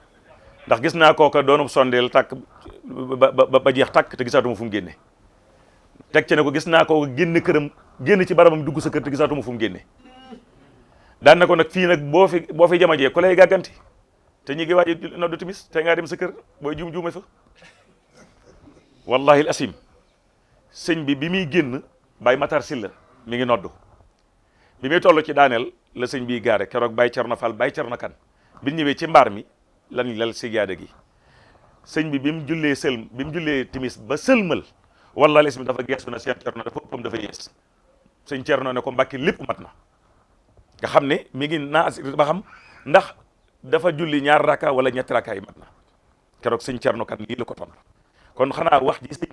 ndax gis naa kooka doonum sondeel tàkk ba ba jeex tàkk te gisaatuma fu mu génne teg ci ne ko gis naa kooka génn këram génn ci barabam dugg sa kër te gisaatuma fu mu génne daan na ko nag fii nag boo fi boo fi jamajee ku lay gàgganti te ñu ngi waaj a noddu timis te ngaa dem sa kër booy juum juume fa wallahi al asim sëñ bi bi muy génn bay Matar Sylla mi ngi noddu bi muy toll ci daaneel la sëñ bi gaare keroog bay Cerno Fall bay Cerno Kan bi ñëwee ci mbaar mi lan lal si gaade gi sëñ bi bi mu jullee sëlm bi mu jullee timis ba sëlmal wala les mi dafa geesu na Cheikh Cerno dafa ëppam dafa sëñ Cerno ne ko Mbàkke lépp mat na nga xam ne mi ngi naas ba xam ndax dafa julli ñaar raka wala ñetti raka yi mat na keroog sëñ Cerno Kan lii la ko tontu kon xanaa wax ji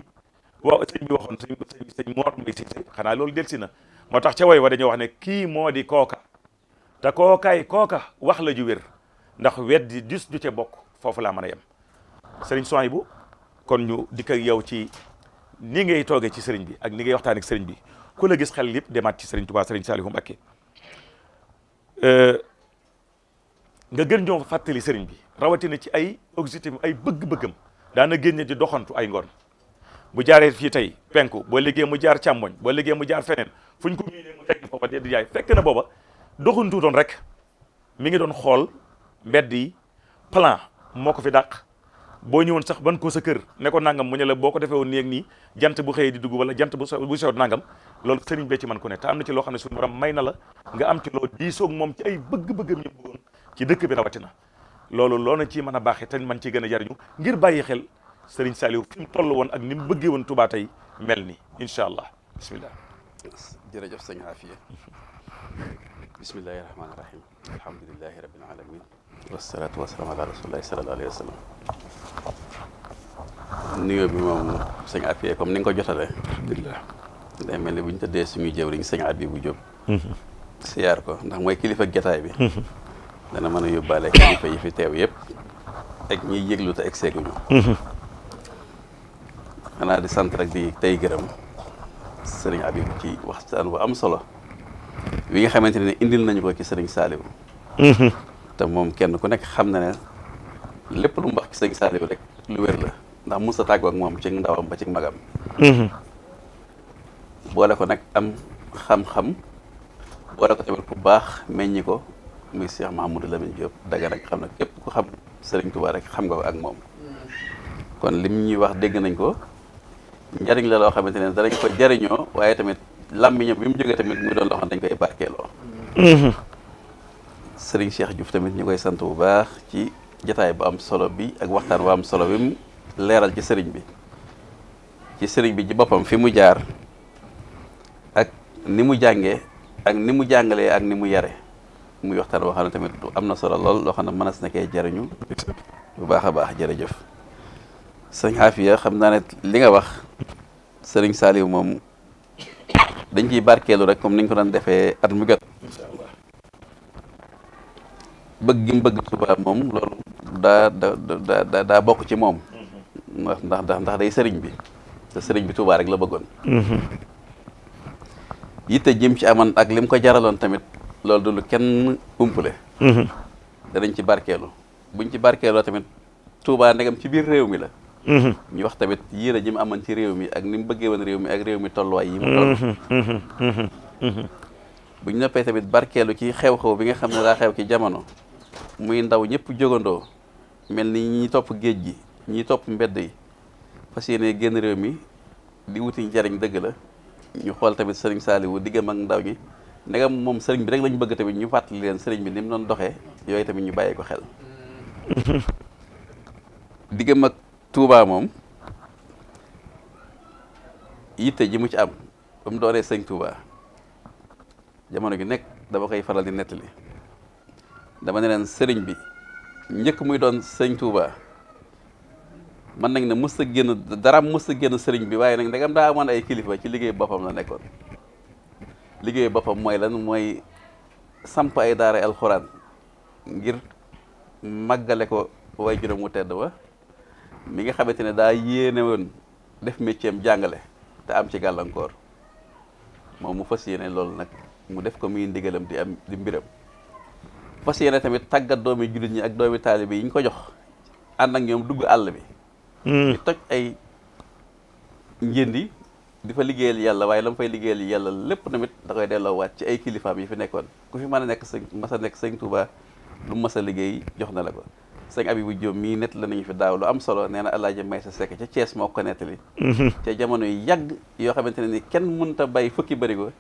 waaw sëñ bi waxoon sëñ sëñ Mor Mbaye xanaa loolu delsi na moo tax ca way wa dañoo wax ne kii moo di kooka te kookaay kooka wax la ju wér ndax wet di dus du ca bokk foofu laa mën a yem sëriñ Souhaïbou kon ñu dikk ak yow ci ni ngay toogee ci sëriñ bi ak ni ngay waxtaan ak sëriñ bi ku la gis xel lépp demaat ci sëriñ Touba sëriñ Saliou Mbacké nga gën ñoo fàttali sëriñ bi rawatina ci ay objectif ay bëgg-bëggam daana génne di doxantu ay ngoon bu jaaree fii tey penku boo liggéey mu jaar càmmoñ boo liggéey mu jaar feneen fu ñu ko miinee mu teg foofa di jaay fekk na booba doxuntuutoon rek mi ngi doon xool mbedd yi plan moo ko fi dàq boo ñëwoon sax ban ko sa kër ne ko nangam mu ne la boo ko defee woon nii ak nii jant bu xëyee di dugg wala jant bu bu sewut nangam loolu sëriñ bee ci man ku ne te am na ci loo xam ne suñu borom may na la nga am ci loo diisoog moom ci ay bëgg-bëggam ñu bëggoon ci dëkk bi rawatina loolu loo na ci mën a baaxee te man ci gën a jariñu ngir bàyyi xel sëriñ Saliou fi mu woon ak ni mu bëggee woon Touba tey mel ni incha allah bisimilah. jërëjëf sëñ Afia bismillahi rahmaani rahim alhamdulilahi rabbil alamin wasalaatu wasalaam ala rasulillahi sallallahu alayhi wa bi moom sëñ Afia comme ni nga ko jotale alhamdulilah mel ni bu tëddee suñu jëwriñ sëñ Abibu Jóob mhm. siyaar ko ndax mooy kilifa jataay bi mhm. dana mën a yóbbaale kilifa yi fi teew yëpp ak ñiy yëglu te egg seeguñu mhm. xanaa di sant rek di tey gërëm sëriñ Habib ci waxtaan bu am solo wi nga xamante ni indil nañu ko ci sëriñ Saliou mhm. te moom kenn ku nekk xam na ne lépp lu mu wax ci sëriñ Saliou rek lu wér la ndax mos a tàggoo ak moom ci ndawam ba ci magam mhm. boole ko nag am xam-xam boole ko tamit bu baax meññi ko muy Cheikh Mahamadou Lamine Diop daga nag xam na képp ku xam sëriñ Touba rek xam nga ko ak moom mm. kon lim ñuy wax dégg nañ ko njariñ la loo xamante ne danañ ko jariñoo waaye tamit làmmiñam bi mu jógee tamit muy doon loo xam dañ koy barkeeloo mm-hmm. sëriñ Cheikh Diouf tamit ñu koy sant bu baax ci jataay bu am solo bi ak waxtaan bu am solo bi mu leeral ci sëriñ bi ci sëriñ bi ci boppam fi mu jaar ak ni mu jàngee ak ni mu jàngalee ak ni mu yare muy waxtaan boo xam ne tamit am na solo lool loo xam ne mën mënees na koy jariñu bu baax a baax jërëjëf sëñ Xaafiya xam naa ne li nga wax sëriñ Saliou moom dañ ciy barkeelu rek comme niñ ko doon defee at mu bëgg gi mu bëgg Tuubaa moom daa bokk ci moom ndax ndax day sëriñ bi te sëriñ bi Tuubaa rek la bëggoon mm-hmm. yitte jëm ci amoon ak lim ko jaraloon tamit loolu du lu kenn umpale mm-hmm. danañ ci barkeelu buñ ci barkeeloo tamit Tuubaa ndegam ci biir réew mi la ñu wax tamit yéen a ji mu amoon ci réew mi ak ni mu bëggee woon réew mi ak réew mi tolluwaay yi mu toll mm-hmm. Mm-hmm. bu ñu noppee tamit barkeelu ci xew-xew bi nga xam ne daa xew ci jamono muy ndaw ñëpp jógandoo mel ni ñi topp géej gi ñi topp mbedd yi fas yéene génn réew mi di wuti njariñ dëgg la ñu xool tamit sëriñ Saliou diggam ak ndaw ñi ndegam moom sëriñ bi rek lañ bëgg tamit ñu fàttali leen sëriñ bi ni mu doon doxee yooyu tamit ñu bàyyi ko xel mm-hmm. diggam ak Touba moom yitte ji mu ci am ba mu dooree sëñ Touba jamono ji nekk dama koy faral di nettali dama ne leen sëriñ bi njëkk muy doon sëñ Touba mën nañ ne mës a génn dara mës a génn sëriñ bi waaye nag ndegam daa amoon ay kilifa ci liggéey boppam la nekkoon liggéey boppam mooy lan mooy samp ay daara alxuraan ngir màggale ko waaye juróom wu tedd wa mi nga xamante ne daa yéene def métier jàngale te am ci gàllankoor moom mu fas yéene loolu nag mu def ko muy ndigalam di am di mbiram fas yéene tamit tàggat doomi jullit ñi ak doomi taalibe yi ñu ko jox ànd ak ñoom dugg àll bi. Hmm. di toj ay njëndi di fa liggéeyal yàlla waaye la mu fay liggéeyal yàlla lépp tamit da koy delloowaat ci ay kilifaam yi fi nekkoon ku fi mën a nekk sëñ mas a nekk sëñ Touba lu mas a liggéey jox na la ko. sëñ Abibou Diop mii nett la nañu fi daaw lu am solo nee na Alaaji Maysa Sekk ca Thiès moo ko nettali mhm. ca jamono yu yàgg yoo xamante ne ni kenn mënta bay fukki bërigo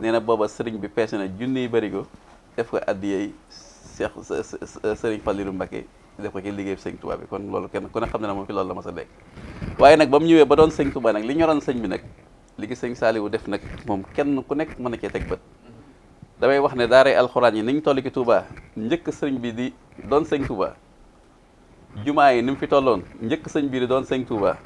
nee na booba sëriñ bi peese na junniy bërigo def ko addiyey Cheikh sëriñ Fallilou Mbacké def ko ci liggéey sëñ Touba bi kon loolu kenn ku ne xam ne ne moom fi loolu la ma sa dekk waaye nag ba mu ñëwee ba doon sëñ Touba nag li ñoroon sëñ bi nag li gi sëñ Saliou def nag moom kenn ku nekk mën a cee teg bët damay wax ne daaray alxuraan yi niñ toll ci Touba njëkk sëriñ bi di doon sëñ Touba jumaa yi ni mu fi tolloon njëkk sëñ bi di doon sëñ Touba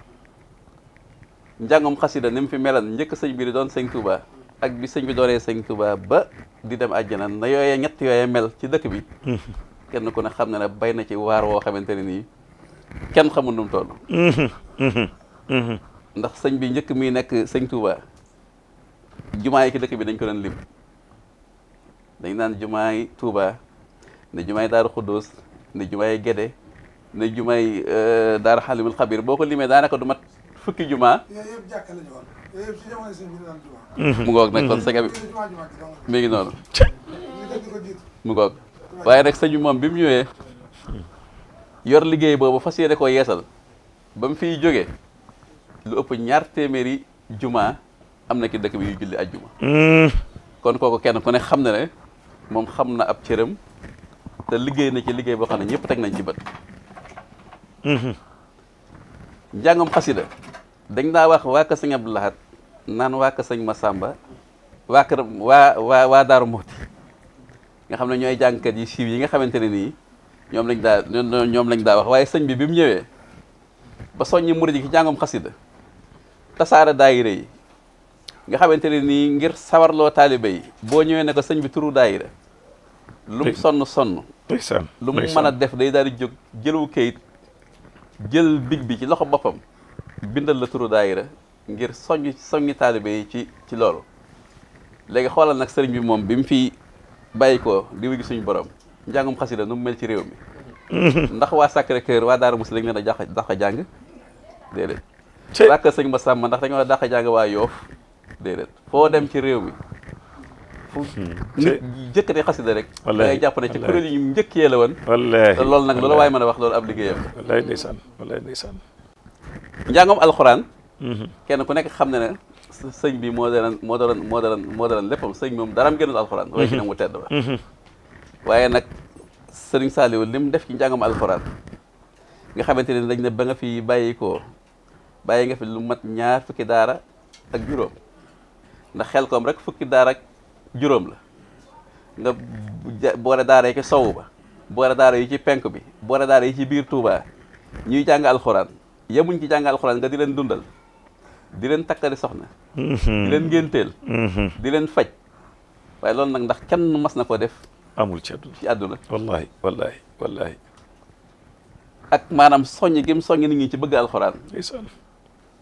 njàngum xasida ni mu fi melan njëkk sëñ bi di doon sëñ Touba ak sëñ bi dooree sëñ ba di dem àjjana na yooyee ñett yooyee mel ci dëkk bi kenn ku ne xam na bay na ci waar woo xamante ne nii kenn xamul nu mu ndax sëñ bi njëkk muy nekk sëñ Touba jumaa yi ci dëkk bi dañ ko doon lim dañ naan jumaay Touba ne jumaay Daaru Xuddoos ne jumaay Gédé ne yi euh, daara xalimul xabir boo ko limee daanaka du mat fukki jumaa mhm. mu ngoog nag kon mhm. sëñ bi mi ngi noonu mu ngoog waaye nag sëñ moom bi mu ñëwee yor liggéey boobu fas yéene koo yeesal ba mu fiy jógee lu ëpp ñaar téeméeri jumaa am na ki dëkk bi yu julli ak juma mhm. kon kooku kenn ku ne xam na ne moom xam na ab cëram te liggéey na ci liggéey boo xam ne ñëpp teg nañ ci bët Mm-hmm. jàngam xasida dañ daa wax waa ka sëñ Abdou naan waa ka sëñ Massamba waa kër waa waa waa Daaru Muxti nga xam ne ñooy jàngkat yi siiw yi nga xamante ne nii ñoom lañ daa ñoom lañ daa wax waaye sëñ bi bi mu ñëwee ba soññi murid yi ci jàngam xasida tasaare daayira yi nga xamante ne nii ngir sawarloo taalibe yi boo ñëwee ne sëñ bi turu daayira lu mu sonn sonn lu mu mën a def day daal di jóg jëlu kayit jël big bi ci loxo boppam bindal la turu daayira ngir soññ soññi taalibe yi ci ci loolu léegi xoolal nag sëriñ bi moom bi mu fi bàyyi ko li wégi suñu borom njàngum xasida nu mu mel ci réew mi ndax waa Sacré Cœur waa Daaru Musi léegi nee na dax dax a jàng déedéet waa Kër Sëñ sàmm ndax dañoo dax a jàng waa Yoof déedéet foo dem ci réew mi Hmm. nit jëkkatee xasida rek da jàpp na ci kuréel yi ñu njëkkee la woon wallaahi loolu nag loola waaye a wax loolu ab liggéeyam wallaahi ndeysaan wallaahi alxuraan mhm. kenn ku nekk xam ne ne sëñ bi moo dalan moo dalan moo moo dalan léppam sëñ bi moom daraam génnul alxuraan mhm. waaye ci ne mu tedd ba mhm. waaye nag sëriñ Saliou li def ci njàngam alxuraan nga xamante ne dañ ne ba nga fi bàyyi koo bàyyi nga fi lu mat ñaar fukki daara ak juróom ndax xel koom rek fukki daara juróom la nga boole daara yi ci sowu ba boole daara yi ci penk bi boole daara yi ci biir Touba ñuy jàng alxuraan yemuñ ci jàng alxuraan nga di leen dundal di leen takkali soxna. Mhm. di leen ngénteel. Mhm. di leen faj waaye loolu nag ndax kenn mas na ko def. amul ci àdduna ci àdduna. wallaahi ak maanaam soññ gi mu soññ nit ñi ci bëgg alxuraan.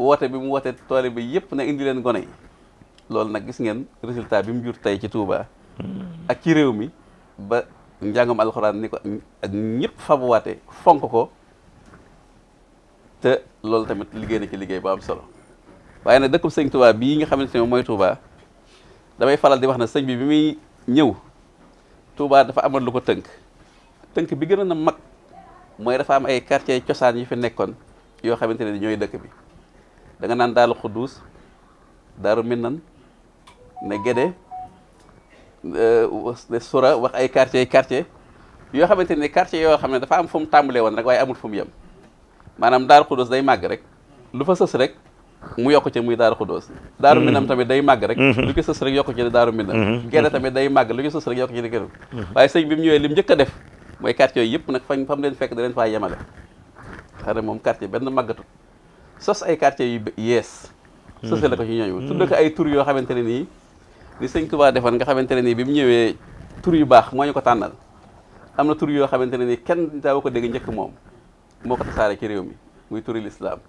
woote bi mu woote tool bi yëpp na indi leen gone yi. loolu nag gis ngeen résultat bi mu jur tey ci Touba. ak ci réew mi ba njàngum alxuraan ni ko ak ñëpp fabuwaate fonk ko te loolu tamit liggéey na ci liggéey bu am solo waaye nag dëkkub sëñ bi yi nga xamante ne mooy Touba damay faral di wax na sëñ bi bi muy ñëw Touba dafa amoon lu ko tënk tënk bi gën a mag mooy dafa am ay quartier cosaan yu fi nekkoon yoo xamante ni ñooy dëkk bi da nga naan Daaru Xuddus Daaru Minnan ne Guédé euh, ne Soura wax ay quartier quartier yoo xamante ni quartier yoo xam ne dafa am fu mu tàmbalee woon rek waaye amul fu mu yem maanaam daar Xuddoos day màgg rek lu fa sës rek mu yokk ci muy Daaru Xuddoos Daaru mm-hmm. Minam tamit day màgg rek mm-hmm. lu ko sës rek yokk ci di Daaru Minam mm-hmm. Guédé tamit day màgg lu ko sës rek yokk ci di Guédé waaye sëñ bi mu ñëwee lim njëkk a def mooy quartier yooyu yëpp nag fañ fa mu leen fekk da leen faa yemale xam moom quartier benn màggatu sos ay quartier yu yees sosé la ko ci ñooñu ay tur yoo xamante ne nii li sëñ Tuubaa defoon nga xamante ne nii bi mu ñëwee tur yu baax moo ñu ko tànnal am na tur yoo xamante ne nii kenn daaw ko dégg njëkk moom moo ko tasaare ci réew mi muy turi lislaam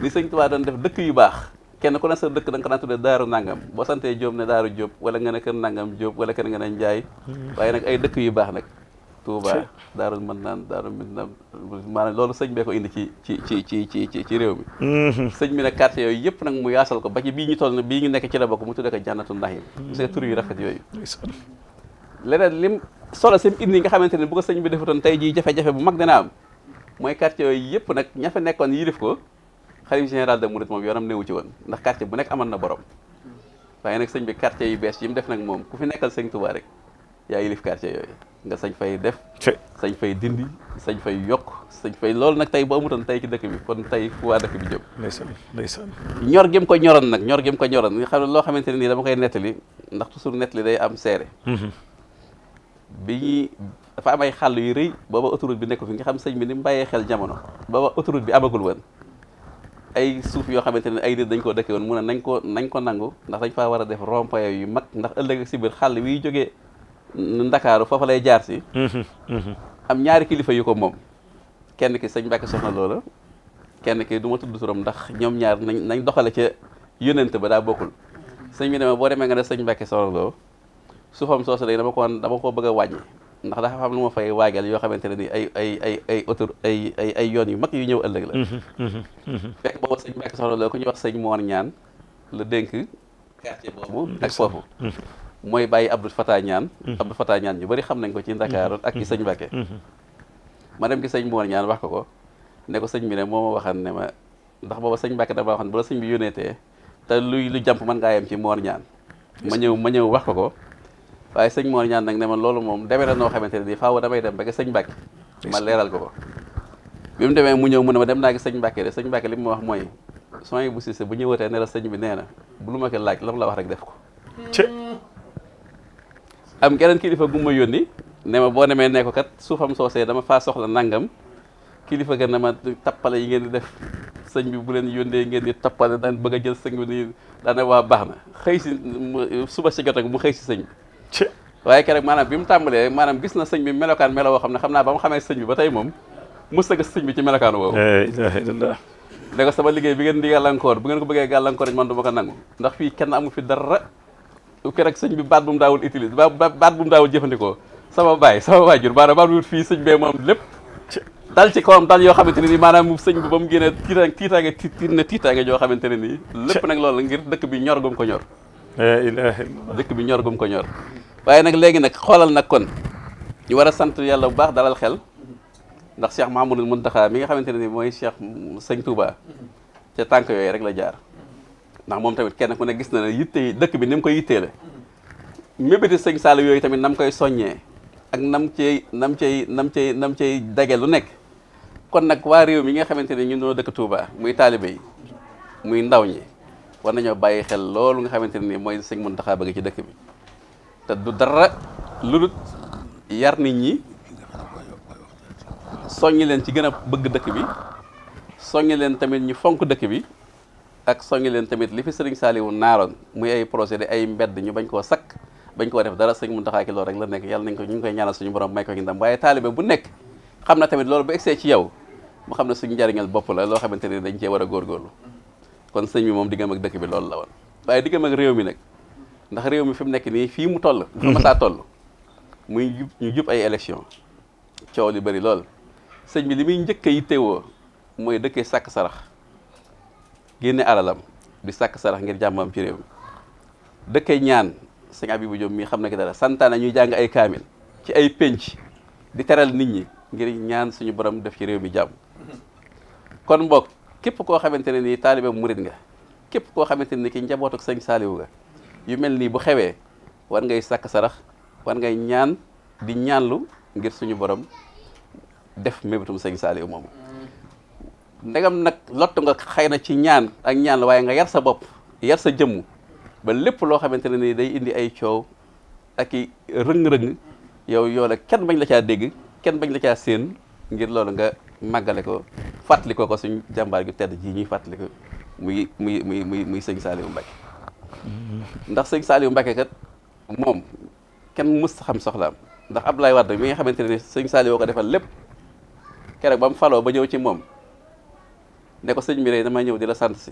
li sëñ Tuubaa doon def dëkk yu baax kenn ku ne sa dëkk da nga ko naan tuddee daaru nangam boo santee Jóob ne daaru Jóob wala nga ne kër nangam Jóob wala kër nga ne Njaay mm-hmm. waaye nag ay dëkk yu baax nag Touba Daarul Mannaan Daarul Minam maanaam loolu sëñ bee indi ci ci ci ci ci ci ci réew mi mhm. sëñ bi nag quartier yooyu yëpp nag mu yaasal ko ba ci bii ñu toll na bii ñu nekk ci la bokk mu tuddee ko jannatu naxim parce mhm. tur yu rafet yooyu leneen lim solo sim indi nga xamante ne bu ko sëñ bi defutoon tey jii jafe bu mag dana am mooy quartier yooyu yëpp nag ña fa nekkoon yilif ko xalif général mu Mouride moom yoonam newu ci woon ndax quartier bu nekk amoon na borom waaye nag sëñ bi quartier yu bees yi mu def nag moom ku fi nekkal sëñ Touba rek yaa yilif quartier yooyu nga sañ fay def sañ fay dindi sañ fay yokk sañ fay loolu nag tey bu amutoon tey ci dëkk bi kon tey fu waa dëkk bi jëm ndeysaan ndeysaan ñor gém ko ñoroon nag ñor gém ko ñoroon nga xam ne loo xamante ne nii dama koy nettali ndax toujours nettali day am seere mhm. bi ñuy dafa am ay xàll yu rëy booba autoroute bi nekk fi nga xam sëñ bi ni mu bàyyee xel jamono booba autoroute bi amagul woon ay suuf yoo xamante ne ay nit dañ koo dëkke mu nañ ko nañ ko nangu ndax dañ faa war a def rond-point yu mag ndax ëllëg si biir xàll wiy jógee ndakaaru foofa lay jaar si mm-hmm, mm-hmm. am ñaari kilifa yu ko moom kenn ki sëñ Mbàkke soxna loola kenn ki du ma tudd turam ndax ñoom ñaar nañ nañ doxale ca yónnent ba daa bokkul sëñ bi demee boo demee nga ne sëñ Mbàkke soxna loo suufam soosu léegi dama ko dama ko bëgg a wàññi ndax dafa am yoo xamante ne ni ay ay ay yoon yu mag yu ñëw ëllëg la mm-hmm, fekk boobu sëñ Mbàkke soxna loo ku ñuy wax sëñ Moor ñaan la dénk quartier boobu ak foofu mooy bàyyi Abdou Fatah ñaan mhm. Abdou Fatah ñaan ñu bari xam nañ ko ci Ndakaaroon mhm. ak ci sëñ Mbàkke mhm. ma dem ki sëñ Moor ñaan wax ko ko ne ko sëñ bi ne moo ma waxan ne ma ndax booba sëñ Mbàkke dama waxan bu la sëñ bi yónneetee te luy lu jàmp mën ngaa yem ci Moor ñaan ma ñëw ma ñëw wax ko ko waaye sëñ Moor ñaan nag ne ma loolu moom demee noo xamante ne nii faaw damay dem ba ki sëñ Mbàkke ma leeral ko ko bi mu demee mu ñëw mu ne ma dem naa ki sëñ Mbàkke de sëñ Mbàkke li mu wax mooy sony bu Siise bu ñëwatee ne la sëñ bi nee na bu lu ma ko laaj la mu la wax rek def ko am geneen kilifa gu ma yónni ne ma boo demee ne ko kat suufam soosee dama faa soxla nangam kilifa gën na ma tappale yi ngeen di def sëñ bi bu leen yónnee ngeen di tappale daan bëgg a jël sëñ bi nii daana waa baax na xëy si suba si jot ak mu xëy si sëñ bi waaye keroog maanaam bi mu tàmbalee maanaam gis na sëñ bi melokaan melo woo xam ne xam naa ba mu xamee sëñ bi ba tey moom mës a sëñ bi ci melokaan woowu ilaha illallah ne ko sama liggéey bi ngeen di gàllankoor bu ngeen bëggee gàllankoor man du ma ko nangu ndax fii kenn amu fi dara keroog sëñ bi baat bu mu daawul utilise baat bu mu daawul jëfandikoo sama baay sama waajur maanaam maanaam fii sëñ bee moom lépp dal ci kawam dal yoo xamante ne nii maanaam mu sëñ bi ba mu génnee tiitaa tiitaange tiit na tiitaange joo xamante ne nii lépp nag loolu ngir dëkk bi ñor gum ko ñor dëkk bi ñor gum ko ñor waaye nag léegi nag xoolal nag kon ñu war a sant yàlla bu baax dalal xel ndax Cheikh Mahamadul Muntaxa mi nga xamante ne nii mooy Cheikh sëñ Touba ca tànk yooyu rek la jaar ndax moom tamit kenn ku ne gis na ne yitte yi dëkk bi ni mu koy yitteele mébéti sëñ Saliou yooyu tamit nam koy soññee ak nam cey nam cey nam cey nam cey dage lu nekk kon nag waa réew mi nga xamante ne ñun ñoo dëkk tuubaa muy taalibe yi muy ndaw ñi war nañoo bàyyi xel loolu nga xamante ne nii mooy sëñ Mountakha bëgg ci dëkk bi te du dara lu dul yar nit ñi soññi leen ci gën a bëgg dëkk bi soññi leen tamit ñu fonk dëkk bi ak soññi leen tamit li fi sëriñ Saliou naaroon muy ay projet de ay mbedd ñu bañ koo sakk bañ koo def dara sëñ Mountakha ki loolu rek la nekk yàlla nañ ko ñu koy koy ñaanal suñu borom may ko ndam waaye taalibe bu nekk xam na tamit loolu bu egsee ci yow mu xam ne suñu njariñal bopp la loo xamante ne dañ war a góorgóorlu kon sëñ bi moom diggam ak dëkk bi loolu la woon waaye diggam ak réew mi nag ndax réew mi fi mu nekk nii fii mu toll fa ma saa toll muy ñu jub ay élection coow li bëri lool sëñ bi li muy njëkk a yittewoo mooy dëkkee sakk sarax génne alalam di sàkk sarax ngir jàmm am ci réew mi dëkkay ñaan sëñ Abibou Diop mii xam na ki dara santaane ñuy jàng ay kaamil ci ay pénc di teral nit ñi ngir ñaan suñu borom def ci réew mi jàmm kon mbokk képp koo xamante ne nii taalibe murit nga képp koo xamante ni ki njaboot ak sëñ Saaliwu nga yu mel nii bu xewee war ngay sàkk sarax war ngay ñaan di ñaanlu ngir suñu borom def mébitum sëñ Saaliwu moomu ndegam nag lottu nga xëy na ci ñaan ak ñaan la nga yar sa bopp yar sa jëmm ba lépp loo xamante ne ni day indi ay coow ak i rëng-rëng yow yoo kenn bañ la caa dégg kenn bañ la caa séen ngir loolu nga màggale ko fàttali ko ko suñ jàmbaar gi tedd ji ñuy fàttali muy muy muy muy muy sëñ Saliou Mbacke ndax sëñ Saliou Mbacke kat moom kenn mës xam soxlaam ndax Abdoulaye Wade mi nga xamante ne ni sëñ Saliou ko defal lépp keroog ba mu faloo ba ñëw ci moom ne sëñ bi rek damay ñëw di la sant si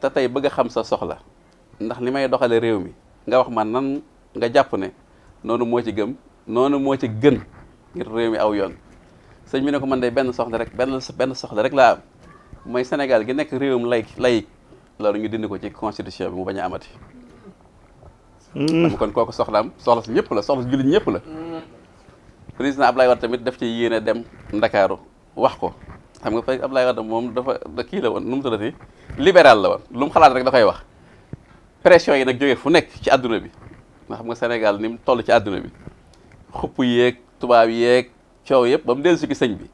te tey bëgg xam sa soxla ndax li may doxale réew mi nga wax man nan nga jàpp ne noonu moo ci gëm noonu moo ci gën ngir réew mi aw yoon sëñ bi ne ko man day benn soxla rek benn benn soxla rek laa am mooy Sénégal gi nekk réewum lay lay loolu ñu dindi ko ci constitution bi mu bañ a amati. Hmm. kon kooku soxlaam soxla si ñëpp la soxla si jullit ñëpp la. Hmm. président Ablaye Wade tamit daf ci yéene dem Ndakaaru wax ko xam nga fekk Abdoulaye Wade moom dafa da kii la woon nu mu tuddati libéral la woon lu mu xalaat rek da koy wax pression yi nag jógee fu nekk ci àdduna bi nga xam nga Sénégal ni mu toll ci àdduna bi xupp yeeg tubaab yeeg coow yëpp ba mu dellu si ci sëñ bi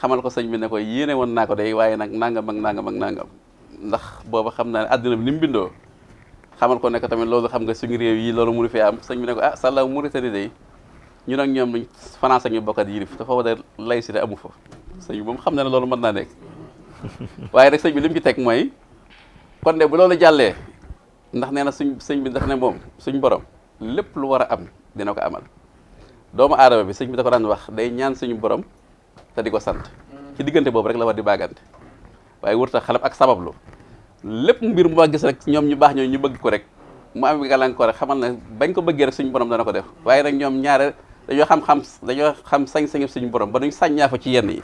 xamal ko sëñ bi ne ko yéene woon naa ko day waaye nag nangam ak nangam ak nangam ndax booba xam naa ne àdduna bi ni mu bindoo xamal ko ne tamit loolu xam nga suñu réew yi loolu mënu fee am sëñ bi ne ko ah sàllaaw Mauritanie day ñun ak ñoom lañ France ak ñu bokkat yilif dafa war amu fa sëñ bi xam na ne loolu mën naa nekk waaye rek sëñ bi li mu teg mooy kon de bu loolu jàllee ndax nee na suñ sëñ bi daf ne moom suñ borom lépp lu war a am dina ko amal doomu aadama bi sëñ bi da ko daan wax day ñaan suñu borom te di ko sant ci diggante boobu rek la war di baagante waaye wurta xalab ak sabablu lépp mbir mu ma gis rek ñoom ñu baax ñoo ñu bëgg ko rek mu am gàllankoor rek xamal ne bañ ko bëggee rek suñu borom dana ko def waaye nag ñoom ñaare dañoo xam-xam dañoo xam sañ-sañu suñu borom ba duñ sàññaa fa ci yenn yi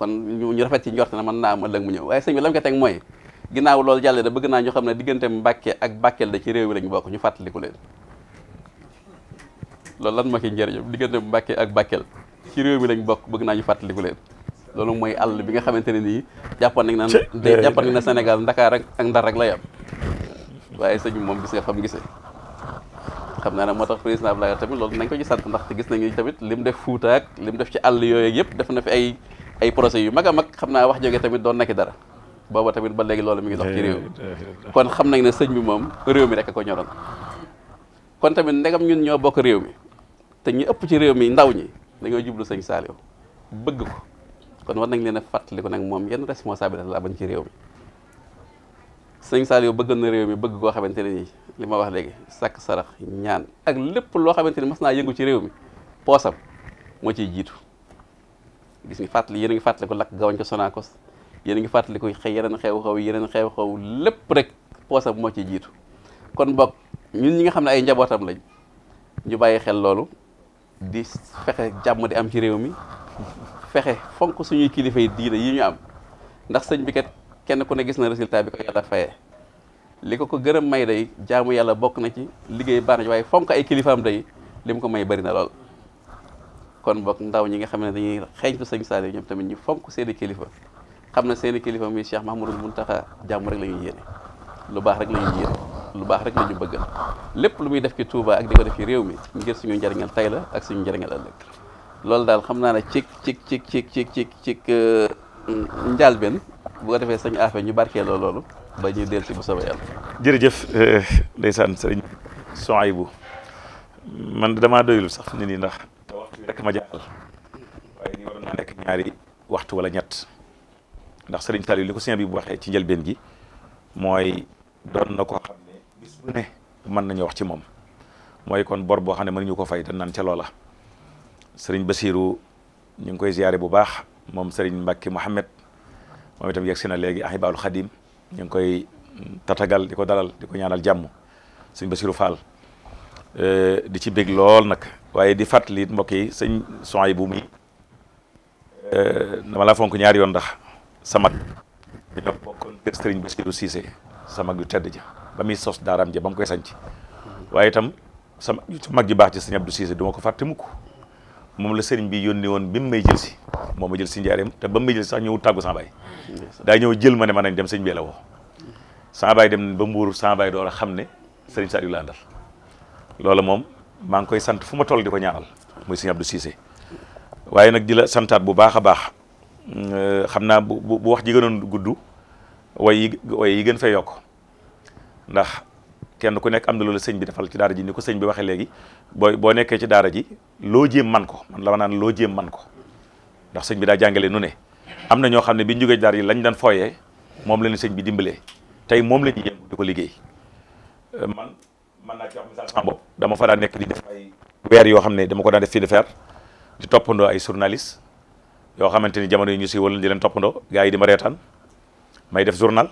kon ñu rafet ci njort na mën naa am ëllëg mu ñëw waaye sëñ bi lam teg mooy ginnaaw loolu jàlle da bëgg naa ñu xam ne diggante Mbàkke ak Bakel da ci réew mi lañu bokk ñu fàttaliku leen loolu lan ma ki njëriñam ak Bakel ci réew mi lañ bokk bëgg naa ñu fàttaliku leen loolu mooy àll bi nga xamante ne nii jàppoon nañ na jàppoon nañ na Sénégal Ndakaar ak ak Ndar rek la yam waaye sëñ moom gis nga xam gisee xam naa ne moo tax président Abdoulaye tamit loolu nañ ko ci sant ndax gis nañu tamit lim def fuutaak ak lim def ci àll yooyu yëpp def na fi ay ay procès yu mag a mag xam naa wax jóge tamit doon nekk dara booba tamit ba léegi loolu mu ngi dox ci réew mi kon xam nañ ne sëñ bi moom réew mi rek ko ñoroon kon tamit ndegam ñun ñoo bokk réew mi te ñu ëpp ci réew mi ndaw ñi dañoo jublu sëñ Saliou bëgg ko kon war nañ leen a fàttaliku nag moom yenn responsabilité la bañ ci réew mi sëñ Saliou bëgg na réew mi bëgg koo xamante ne nii li ma wax léegi sàkk sarax ñaan ak lépp loo xamante ni mas naa yëngu ci réew mi poosam moo ciy jiitu gis ngi fàttali yéen a ngi fàttaliku lakk gawañ ko Sonacos yéen a ngi fàttaliku xëy yeneen xew-xew yeneen xew-xew lépp rek poosam moo ci jiitu kon boog ñun ñi nga xam ne ay njabootam lañ ñu bàyyi xel loolu di fexe jàmm di am ci réew mi fexe fonk suñuy kilifa yi diine yi ñu am ndax sëñ bi kat kenn ku ne gis na résultat bi ko yàlla fayee li ko ko gërëm may dey jaamu yàlla bokk na ci liggéey baax na ci waaye fonk ay kilifaam day li mu ko may bari na lool. kon boog ndaw ñi nga xam ne dañuy xeeñtu sëñ Saliou ñoom tamit ñu fonk seeni kilifa xam na seeni kilifa muy Cheikh Mahmoudou Mountakha jàmm rek la ñuy yéene lu baax rek la yéene lu baax rek la ñu bëgg lépp lu muy def ci Touba ak di ko def ci réew mi ngir suñu njëriñal tey la ak suñu njëriñal ëllëg loolu daal xam naa ne cig cig cig cig cig cig cig euh, njaalbeen bu ko defee sëñ affaire ñu barkeeloo loolu ba ñuy dellu si bu soobee yàlla. jërëjëf euh, ndeysaan sëriñ Souhaïbou man damaa doyul sax nit ñi ndax. waxtu ma jaaxal waaye ni waroon naa nekk ñaari waxtu wala ñett ndax Serigne Saliou li ko sëñ bi bu waxee ci njëlbeen gi mooy doon na ko xam ne bis bu ne mën nañu wax ci moom mooy kon bor boo xam ne mënuñu ko fay dañ naan ca loola Serigne Bassirou ñu ngi koy ziyaare bu baax moom Serigne Mbacke Mohamed moom itam yegsi na léegi Ahibahul Khadim ñu ngi koy tatagal di ko dalal di ko ñaanal jàmm Serigne Bassirou Fall Eh, di ci bég lool nag waaye di fàttaliit it mbokk yi sëñ soy bu muy eh, dama laa fonk ñaari yoon ndax samag dañoo bokkoon kër sëriñ Bassirou Cissé samag yu tedd ja ba muy sos daaraam ja ba mu koy sanc waaye itam sama mag ju baax ci sëñ Abdou Cissé duma ko fàtte mukk moom la sëriñ bi yónni woon bi mu may jël si moom ma jël si njaareem te ba mu may jël sax ñëw tàggu sama daa ñëw jël ma ne ma nañ dem sëñ bi la woo sama dem ba mbuur sama doo door a xam ne sëriñ Saliou laa àndal loolu moom maa ngi koy sant fu ma toll di ko ñaanal muy sëñ Abdou Cissé waaye nag di la santaat bu baax a baax euh, xam naa bu bu wax ji gënoon gudd way yi way yi gën fee yokk ndax kenn ku nekk am na loolu sëñ bi defal ci daara ji ni ko sëñ bi waxee léegi booy boo nekkee ci daara ji loo jëm man ko man la ma naan loo jéem man ko ndax sëñ bi daa jàngale nu ne am na ñoo xam ne bi ñu jógee daara ji lañ daan fooye moom la sëñ bi dimbalee tey moom lañu ñuy yëngu ko liggéey euh, mën naa jox misaal sama ah bopp dama fa daan nekk di def ay weer yoo xam ne dama ko daan def fii de fer di toppandoo ay journaliste yoo xamante ni jamono yi ñu si wala di leen ga gars yi di ma reetaan may def journal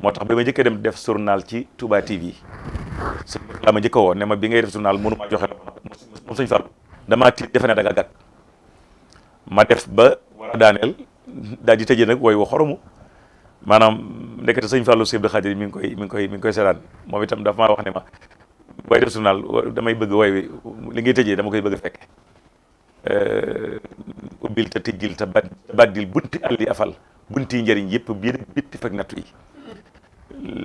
moo tax ba ma njëkkee dem def journal ci Touba bi laa ma njëkk a woo ne bi ngay def ma joxe moom sëñ Fall damaa tiit defe ne da nga ma def ba war a daaneel daal di tëjee nag wooy wa xoromu maanaam ndekete sëñ Fallou Sëñ Abdou Khadir mi ngi koy mi ngi koy mi ngi koy seetaan moom itam dafa maa wax ne ma booy def journal damay bëgg way wi li ngay tëjee dama koy bëgg fekk ubbil te tijjil te afal bunti yi njëriñ yëpp biir bitti fekk nattu yi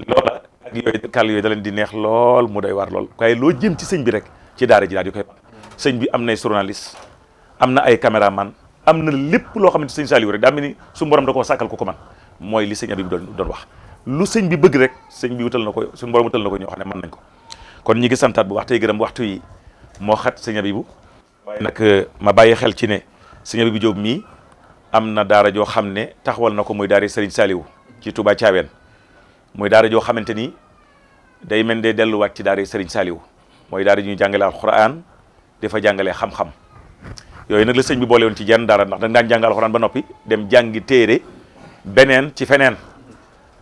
loola ak yooyu kàll da di neex lool mu doy waar lool waaye loo jëm ci sëñ bi rek ci daara ji daal di koy sëñ bi am nay journaliste am na ay caméraman am na lépp loo xamante sëñ Saliou rek daa mel ni su borom da ko sàkkal ku ko man mooy li sëñ Abib doon doon wax lu sëñ bi bëgg rek sëñ bi wutal na ko suñu borom wutal na ko ñoo xam ne mën nañ ko kon ñi ngi santaat bu wax tey gërëm waxtu yi moo xat sëñ Abibu waaye nag euh, ma bàyyi xel ci ne sëñ Abibu Jóob mii am na daara joo xam ne taxawal na ko muy daara Sëriñ Saaliwu ci tubaa Thiawène mooy daara joo xamante ni day mel day delluwaat ci daara Sëriñ Saaliwu mooy daara ñuy jàngale alxuraan dafa jàngalee xam-xam yooyu nag la sëñ bi boole woon ci jenn daara ndax danga daan jàng alxuraan ba noppi dem jàngi téere beneen ci feneen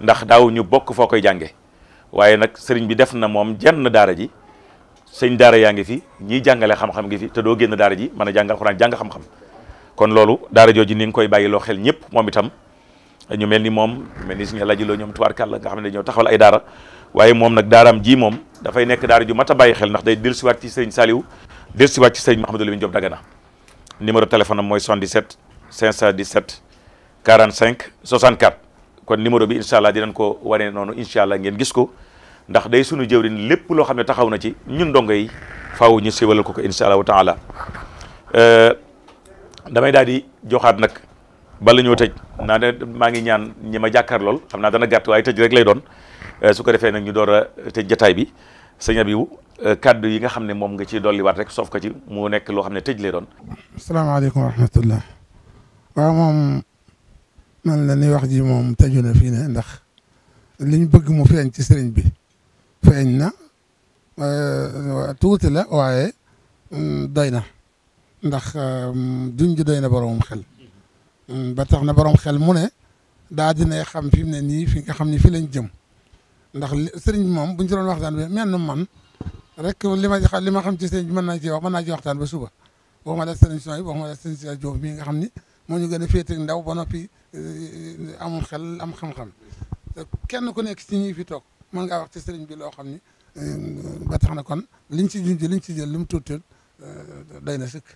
ndax daaw ñu bokk foo koy jànge waaye nag sëriñ bi def na moom jenn daara ji sëñ daara yaa ngi fi ñiy jàngale xam-xam ngi fi te doo génn daara ji mën a jàng alxuraan jàng xam-xam kon loolu daara jooju ni nga koy bàyyiloo xel ñëpp moom itam ñu mel ni moom mel ni suñu laaj loo ñoom tubaarkàlla nga xam ne dañoo taxawal ay daara waaye moom nag daaraam ji moom dafay nekk daara ju mat a bàyyi xel ndax day dellusiwaat ci sëriñ Saliou dellusiwaat ci sëriñ Mouhamadou Lamine Diop Dagana numéro téléphone am mooy 77 517 45 64 kon numéro bi incha allah dinañ ko wane noonu incha allah ngeen gis ko ndax day sunu jëwrin lépp loo xam ne taxaw na ci ñun dongo yi faw ñu siwalal ko ko incha allahu taala euh, damay daal di joxaat nag bala ñoo tëj naa ne maa ngi ñaan ñi ma jàkkaar lool xam naa dana gàtt waaye tëj rek lay doon euh, su ko defee nag ñu door a tëj jataay bi sëñ Abibu euh, kaddu yi nga xam ne moom nga ci dolliwaat rek soof ko ci mu nekk loo xam ne tëj lay doon. asalaamaaleykum man la ni wax ji moom tëju na fii ne ndax liñ bëgg mu feeñ ci sëriñ bi feeñ na euh, tuuti la waaye mm, doy na ndax euh, duñ ji doy na boroom xel mm, ba na boroom xel mu ne daa dina xam fi mu ne nii fi nga xam ni fi lañ jëm ndax sëriñ bi moom buñ ci doon waxtaan bi mel na man rek li ma li ma xam ci sëriñ bi mën naa ci wax mën naa ci waxtaan ba suba waxuma la sëriñ Sooy waxuma la sëriñ Sooy Joob mii nga xam ni moo ñu gën a féete ndaw ba noppi Euh, am xel am xam-xam kenn ku nekk ci ñi fi toog mën ngaa wax ci sëriñ bi loo xam ni euh, ba tax na kon liñ ji junj liñ ci jël lu mu tuuti euh, doy na sëkk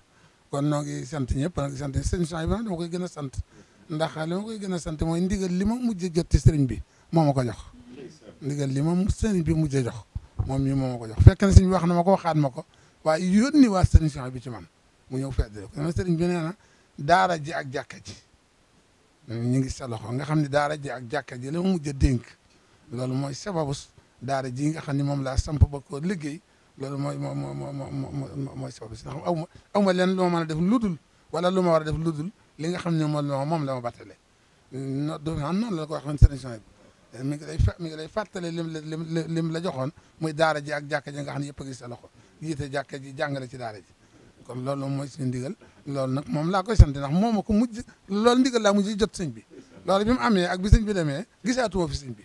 kon noo ngi sant ñëpp noo ngi sant sëriñ Cheikh Ibrahima dama koy gën a sant ndax li ma koy gën a sant mooy ndigal li ma mujj jot ci sëriñ bi moo ma ko jox ndigal li ma sëriñ bi mujj jox moom mi moo ko jox fekk na sëriñ bi wax na ma ko waxaat ma ko waaye yónni waa sëriñ Cheikh bi ci man mu ñëw fedd ko dama sëriñ bi nee daara ji ak jàkka ji ñu ngi sa loxo nga xam ne daara ji ak jàkka ji la mu mujj a dénk loolu mooy sababu daara ji nga xam ne moom laa samp ba ko liggéey loolu mooy moo moo moo mooy sababu si ndax aw ma aw ma leen lu ma mën a def ludul wala lu ma war a def ludul li nga xam ne moom moom la ma battale no do am noonu la ko waxoon sëriñ mi ngi lay mi ngi lay fàttale lim lim lim la joxoon muy daara ji ak jàkka ji nga xam ne yëpp a gis sa loxo jiite jàkka ji jàngale ci daara ji kon loolu moom mooy suñu ndigal loolu nag moom laa koy sant ndax moom ma ko mujj loolu ndigal laa mujj jot sëñ bi loolu bi mu amee ak bi bi demee gisaatuma fi sëñ bi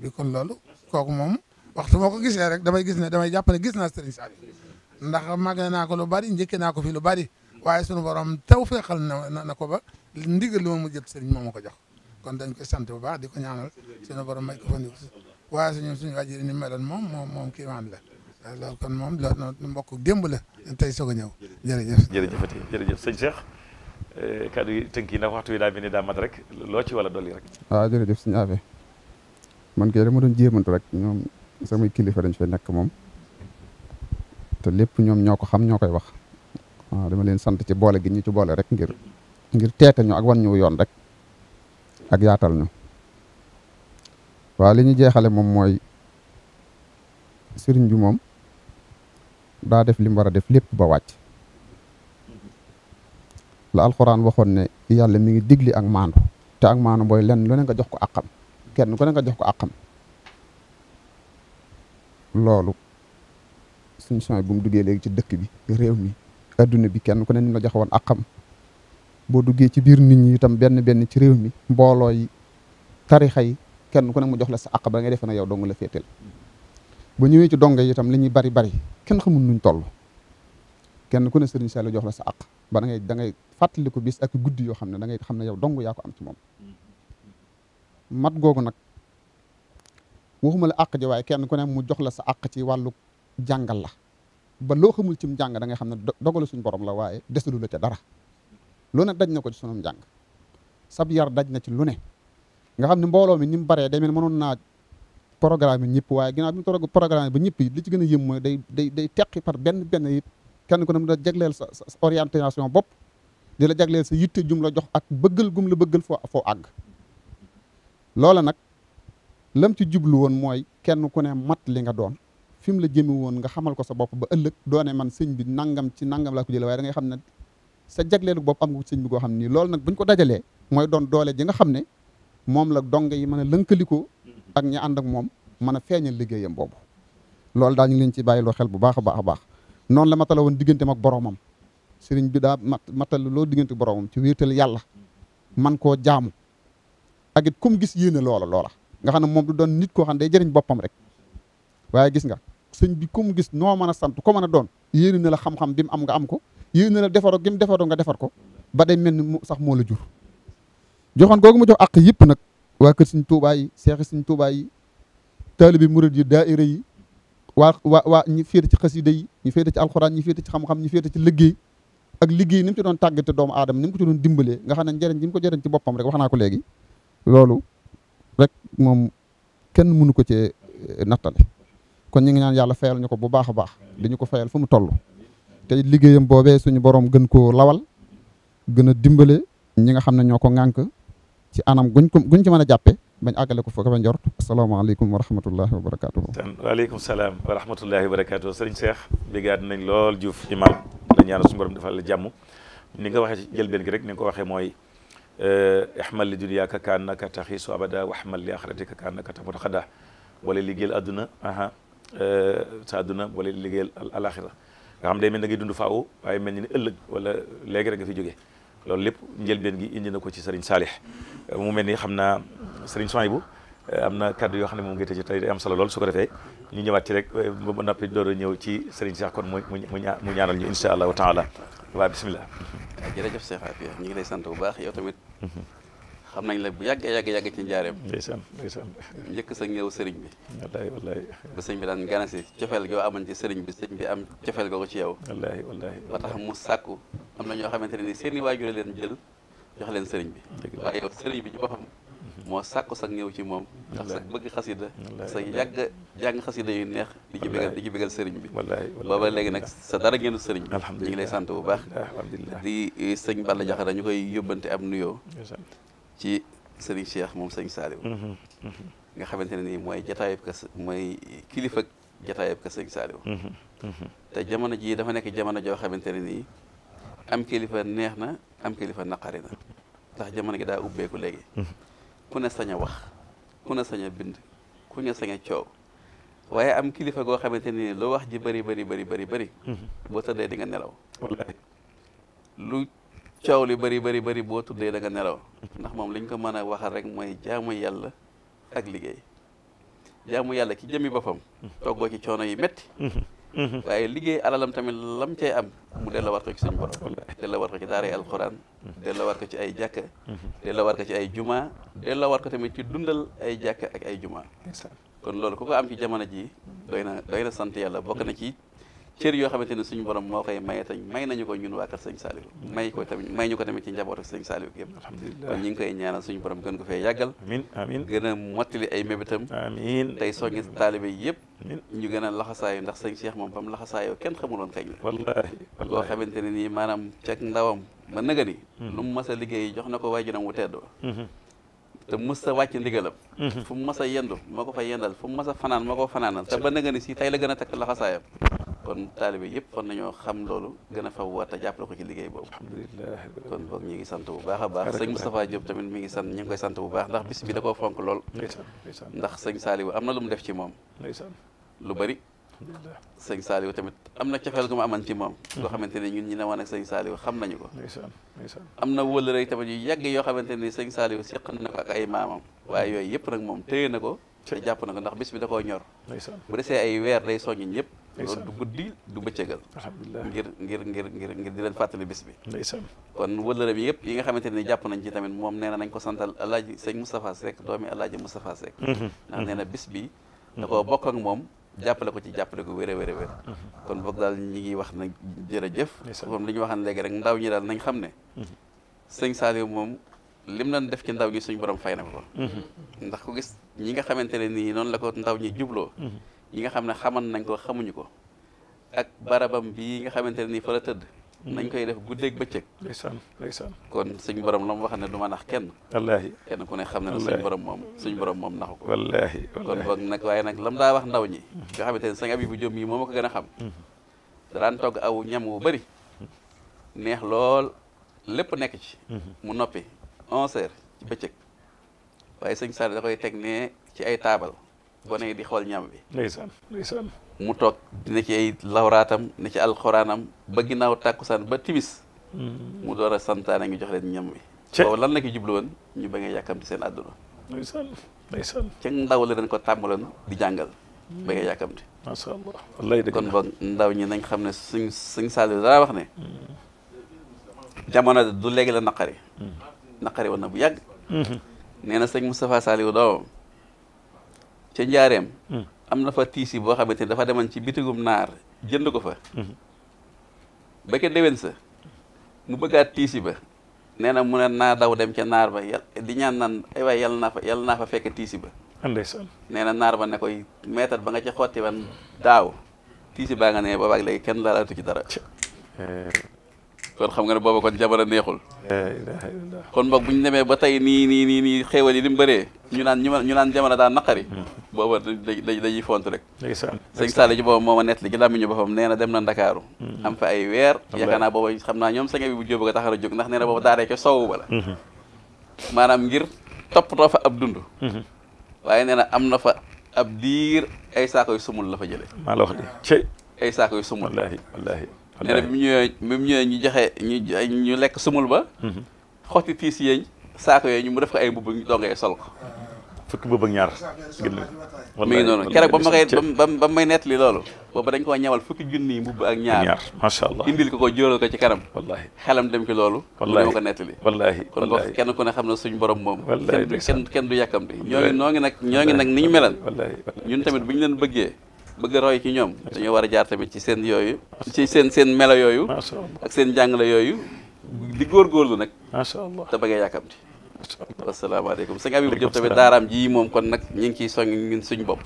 bi kon loolu kooku moom waxtu moo ko gisee rek damay gis ne damay jàpp gis naa sëriñ Saliou ndax màggee naa ko lu bari njëkkee naa ko fi lu bari waaye sunu borom taw feexal na na ko ba ndigal li ma mujj jot sëriñ moom ma ko jox kon dañ koy sant bu baax di ko ñaanal sunu borom may ko fa waaye suñu suñu wàjjiri ni meloon moom moom moom kii la loolu kon moom loolu mbokk démb la tey soog a ñëw jërëjëf jërëjëfati jërëjëf sëñ Cheikh eh, kaddu yi tënk yi nag waxtu wi daa mel ni rek loo ci wala dolli rek waaw ah, jërëjëf sëñ Afe man kay dama doon jéemantu rek ñoom samay kilifa dañ fay nekk moom te lépp ñoom ñoo ko xam ñoo koy wax waaw ah, dama leen sant ci boole gi ñu ci boole rek ngir ngir teete ñu ak wan ñu yoon rek ak yaatal ñu waaw li jeexale moom mooy sëriñ bi moom daa def lim war a def lépp ba wàcc la alxuraan waxoon ne yàlla mi ngi digli ak maandu te ak maandu booy lenn lu ne nga jox ko àqam kenn ku ne nga jox ko àqam loolu suñu sony bu mu duggee léegi ci dëkk bi réew mi adduna bi kenn ku ne ni nga jox woon àqam boo duggee ci biir nit ñi itam benn benn ci réew mi mbooloo yi tarixa yi kenn ku ne mu jox la sa àq ba nga defe na yow dong la féetal bu ñëwee ci dong yi tam li bari bari kenn xamul nuñ toll kenn ku ne sëriñ Saliou jox la sa àq ba da ngay da ngay ku bis ak guddi yoo xam ne da ngay xam ne yow dong yaa ko am ci moom mat googu nag waxuma la àq ji waaye kenn ku ne mu jox la sa àq ci wàllu jàngal la ba loo xamul cim jàng dangay xam ne dogalu suñ borom la waaye desalu la ca dara lu ne daj na ko ci sunum jàng sab yar daj na ci lu ne nga xam ne mbooloo mi ni mu baree demee mënoon naa programme yi ñëpp waaye ginnaaw bi ñu programme ba ñëpp li ci gën a yëm mooy day day day teqi par benn benn it kenn ku ne mu da jagleel sa orientation bopp di la jagleel sa yitte jum la jox ak bëggal gum la bëggal foo foo àgg nag lam ci jublu woon mooy kenn ku ne mat li nga doon fi mu la jëme woon nga xamal ko sa bopp ba ëllëg doone man sëñ bi nangam ci nangam laa ko jëlee waaye da ngay xam ne sa jagleelu bopp am nga sëñ bi goo xam ne nii loolu nag buñ ko dajalee mooy doon doole ji nga xam ne moom la dong yi mën a lënkalikoo ak ñi ànd ak moom mën a feeñal liggéeyam boobu loolu daal ñu leen ci bàyyiloo xel bu baax a baax a baax noonu la matala woon diggante ak boroomam sëriñ bi daa mat matal loo diggante boromam ci wéetal yàlla man koo jaamu ak it kum gis yéene loola loola nga xam ne moom du doon nit koo xam ne day jëriñ boppam rek waaye gis nga sëñ bi kum gis noo mën a sant ko mën a doon yéene na la xam-xam bi mu am nga am ko yéene la defaroo gi mu defaroo nga defar ko ba day mel ni sax moo la jur joxoon googu jox àq yëpp nag waa kër Sëñ Tuubaa yi seexi Sëñ Tuubaa yi taalibi murid yi daayira yi waa waa waa ñi féete ci xasida yi ñi féete ci alxuraan ñi féete ci xam-xam ñi féete ci liggéey ak liggéey ni mu ci doon tàggate doomu aadama ni mu ko ci doon dimbalee nga xam ne njëriñ bi ko jëriñ ci boppam rek ko léegi loolu rek moom kenn mënu ko cee eh, nattale kon ñu ngi ñaan yàlla fayal ko bu baax a baax dañu ko fayal fu mu toll te liggéeyam boobee suñu borom gën koo lawal gën a dimbale ñi nga xam ne ñoo ko ŋànk ci anam guñ ko guñ ci mën a jàppee bañ àggale ko foofu ba njort asalaamaaleykum wa rahmatullahi wa barakaatu. waaleykum salaam wa rahmatullahi wa barakaatu sëriñ Cheikh béggaat nañ lool Diouf imam la ñaan suñu borom defal la jàmm ni nga waxee ci jëlbeen gi rek ni nga ko waxee mooy ahmal eh, li dunyaaka kaannaka taxiisu abada wa ahmal li axiratika kaannaka tamutu xada wala liggéeyal adduna aha eh, sa adduna wala liggéeyal alaxira nga xam day mel na ngay dund faaw waaye mel ni ëllëg wala léegi rek nga fi jógee loolu lépp njëlbeen gi indi na ko ci sëriñ Saalix mu mel ni xam naa sëriñ bu am na kaddu yoo xam ne moom ngay tëj tey am solo lool su ko defee ñu ñëwaat ci rek ba noppi door a ñëw ci sëriñ Cheikh kon mu mu ñaanal ñu incha allahu taala waa bisimilah. waaw jërëjëf Cheikh Afia ñu ngi lay sant bu baax yow tamit. Mhm. xam nañ la bu yàggee yàgg yàgg ci njaareem. ndeysaan ndeysaan. njëkk sa ñëw sëriñ bi. wallahi wallahi ba sëriñ bi daan ganasi cofeel goo amoon ci sëriñ bi sëriñ bi am cofeel googu ci yow. wallahi wallahi ba tax mu sàkku am na ñoo xamante ne ni seen i waajur jël jox leen sëriñ bi waaye yow sëriñ bi ci boppam moo sàkku sag ñëw ci moom ndax sa bëgg xasida sa yàgg jàng xasida yu neex di ci bégal di ci bégal sëriñ bi booba léegi nag sa dara ngeen sëriñ bi ñu ngi lay sant bu baax di eh, sëñ Balla Diakhara ñu koy yóbbante am nuyoo ci sëriñ Cheikh moom sëñ Saliou mm-hmm, mm-hmm. nga xamante ne nii mooy jataayub ka mooy kilifa jataayub ka sëñ Saliou mm-hmm, te jamono jii dafa nekk jamono joo xamante ne nii am kilifa neex na am kilifa naqari na ndax jamono gi daa ubbeeku léegi ku ne sañ wax ku ne sañ a bind ku ne sañ coow waaye am kilifa goo xamante ni lu wax ji bëri bëri bëri bëri bëri boo tëddee di nelaw lu li bëri bëri bëri boo tuddee da nelaw ndax moom li ko mën a waxal rek mooy jaamu yàlla ak liggéey jaamu yàlla ki jëmi boppam toggoo ci coono yi métti Mm-hmm. waaye liggéey alalam tamit lam cay am mu delluwaat ko ci suñu borom delluwaat ko ci daaray alquran mm-hmm. delluwaat ko ci ay jàkka mm-hmm. delluwaat ko ci ay juma delluwaat ko tamit ci dundal ay jàkka ay juma kon loolu ku ko am ci jamono ji doy na doy na sant yàlla bokk na ci cër yoo xamante ne suñu borom moo koy maye tañ may nañu ko ñun waa kër sëñ Saliou may ko tamit may ñu ko tamit ci njaboot ak sëñ Saliou yëpp ñu gën a mottali ay mébétam amiin tey soññi taalibe yëpp ñu gën a laxasaayu ndax sëñ Cheikh moom fam laxasaayoo kenn xamuloon kañ la wallaahi loo ne nii maanaam ceg ndawam ba naga ni mhm. lu a liggéey jox na ko waajuram wu teddoo mhm. te mës sa wàcc ndigalam mhm. fu mu mas a yendu moo ko fa yendal fu mu mas a fanaan moo ko fanaanal te ba naga ni si la gën a takk laxasaayam kon taalibe yëpp kon nañoo xam loolu gën a fa waat te jàppale ko ci liggéey boobu alhamdulilah kon boog ñu ngi sant bu baax a baax sëñ Moustapha Diop tamit mi ngi sant ñu koy sant bu baax ndax bis bi da koo fonk lool ndax sëñ Saliou am na lu mu def ci moom lu bari sëñ Saliou tamit am na cofeel gu ma aman ci moom loo xamante ni ñun ñi ne woon ak sëñ Saliou xam nañu ko am na rek tamit yu yàgg yoo xamante ni sëñ Saliou seq na ko ak ay maamam waaye yooyu yëpp rek moom téye na ko te jàpp na ko ndax bis bi da koo ñor bu desee ay weer day soññi ñëpp loolu du guddi du bëccëgal ngir ngir ngir ngir ngir di leen fàttali bis bi kon wëllëre bi yëpp yi nga xamante ni jàpp nañ ci tamit moom nee na nañ ko santal alaaji sëñ Moustapha Seck doomi alaaji Moustapha Seck mhm. ndax nee na bis bi da mhm. koo bokk ak moom jàppale ko ci jàppale ko wér a wér a wér mhm. kon boog daal ñi ngi wax na jërëjëf comme li ñu waxaan léegi rek ndaw ñi daal nañ xam ne sëñ Saliou moom lim doon def ci ndaw ñi suñ borom fay na ko. ndax ku gis ñi nga xamante ne nii noonu la ndaw ñi jubloo. ñi nga xam ne xaman nañ ko xamuñu ko. ak barabam bii nga xamante ne nii fa la nañ koy def guddeeg bëccëg. ndeysaan ndeysaan kon suñu borom la wax ne du ma nax kenn. wallaahi ku ne xam na ne borom moom suñu borom moom naxu ko. wallaahi kon boog nag waaye nag lam daa wax ndaw ñi. nga xamante ne sëñ bu Jóob yi moom a gën a xam. daan togg aw ñam wu bëri. neex lool lépp nekk ci. Uhuh. mu noppi. onze heures ci bëccëg waaye sëñ Saar da koy teg ne ci ay taabal gone di xool ñam bi ndeysaan mu toog ne ci ay lawraatam ne ci alxuraanam ba ginnaaw tàkkusaan ba timis hmm. mu door a santaane ngi jox leen ñam bi boobu lan la ko jublu ñu ba ngay yàkkamti seen àdduna ndeysaan ndaw la dañ ko tàmbaloon di jàngal hmm. ba ngay yàkkamti macha kon boog ndaw ñi nañ xam ne suñ suñ Saaliw daa wax ne hmm. jamono du léegi la naqari naqare woon bu yàgg mhm. nee na sëñ Moustapha Saliou doomam ca njaareem mhm. am na fa tiisi boo xamante ne dafa demoon ci bitigum naar jënd ko fa mhm. ba ke déwén sa mu bëggaat tiisi ba nee na mu ne dem ca naar ba yal di ñaan naan ay waay yal naa fa fekk tiisi ba nee na naar ba ne koy meetar ba nga ca xotti ban daaw tiisi baa nga ne boobaag léegi kenn laalaatu ci dara eh, kon xam nga ne booba kon jabara neexul kon boog bu ñu demee ba tey nii nii nii nii xéewal yi ni mu bëree ñu naan ñu ñu naan jamono daa naqari hmm. booba dañ dañuy font rek sëñ Sall ji booba moo ma nett li ci làmmiñu boppam nee na dem na Ndakaaru hmm. am fa ay weer yaakaar naa booba xam naa ñoom sanga bi bu jóob ko taxara na booba daaree ca sowu ba la hmm. maanaam ngir toppatoo fa ab dund waaye nee na am na fa ab diir ay saako yu sumul la fa jële maa la wax de ay saako yu sumul wallaahi nee na bi mu ñëwee bi mu ñëwee ñu joxe ñu lekk sumul ba mhm. xotti tiis yeñ saako yooyu ñu mu def ko ay mbubb ñu dongee sol ko fukki mbubb ak ñaar mi ngi noonu keroog ba ma koy ba may nettali loolu booba dañ koo ñamal fukki junni mbubb ak ñaar macha allah indil ko ko jóoral ko ci kanam wallahi xelam dem ci loolu ma ko nettali wallahi kon bokk kenn ku ne xam na suñ borom moom kenn kenn du yàkkamti ñoo ngi noo ngi nag ñoo ngi nag ni ñu melan ñun tamit bu ñu leen bëggee bëgg roy ci ñoom dañoo war a jaar tamit ci seen yooyu ci seen seen melo yooyu ak seen jàngale yooyu di góor góorgóorlu nag macha allah te bëggee yàkkamti asalaamaaleykum sëñ Habib Diop tamit daaraam ji moom kon nag ñu ngi ciy songi ñun suñ bopp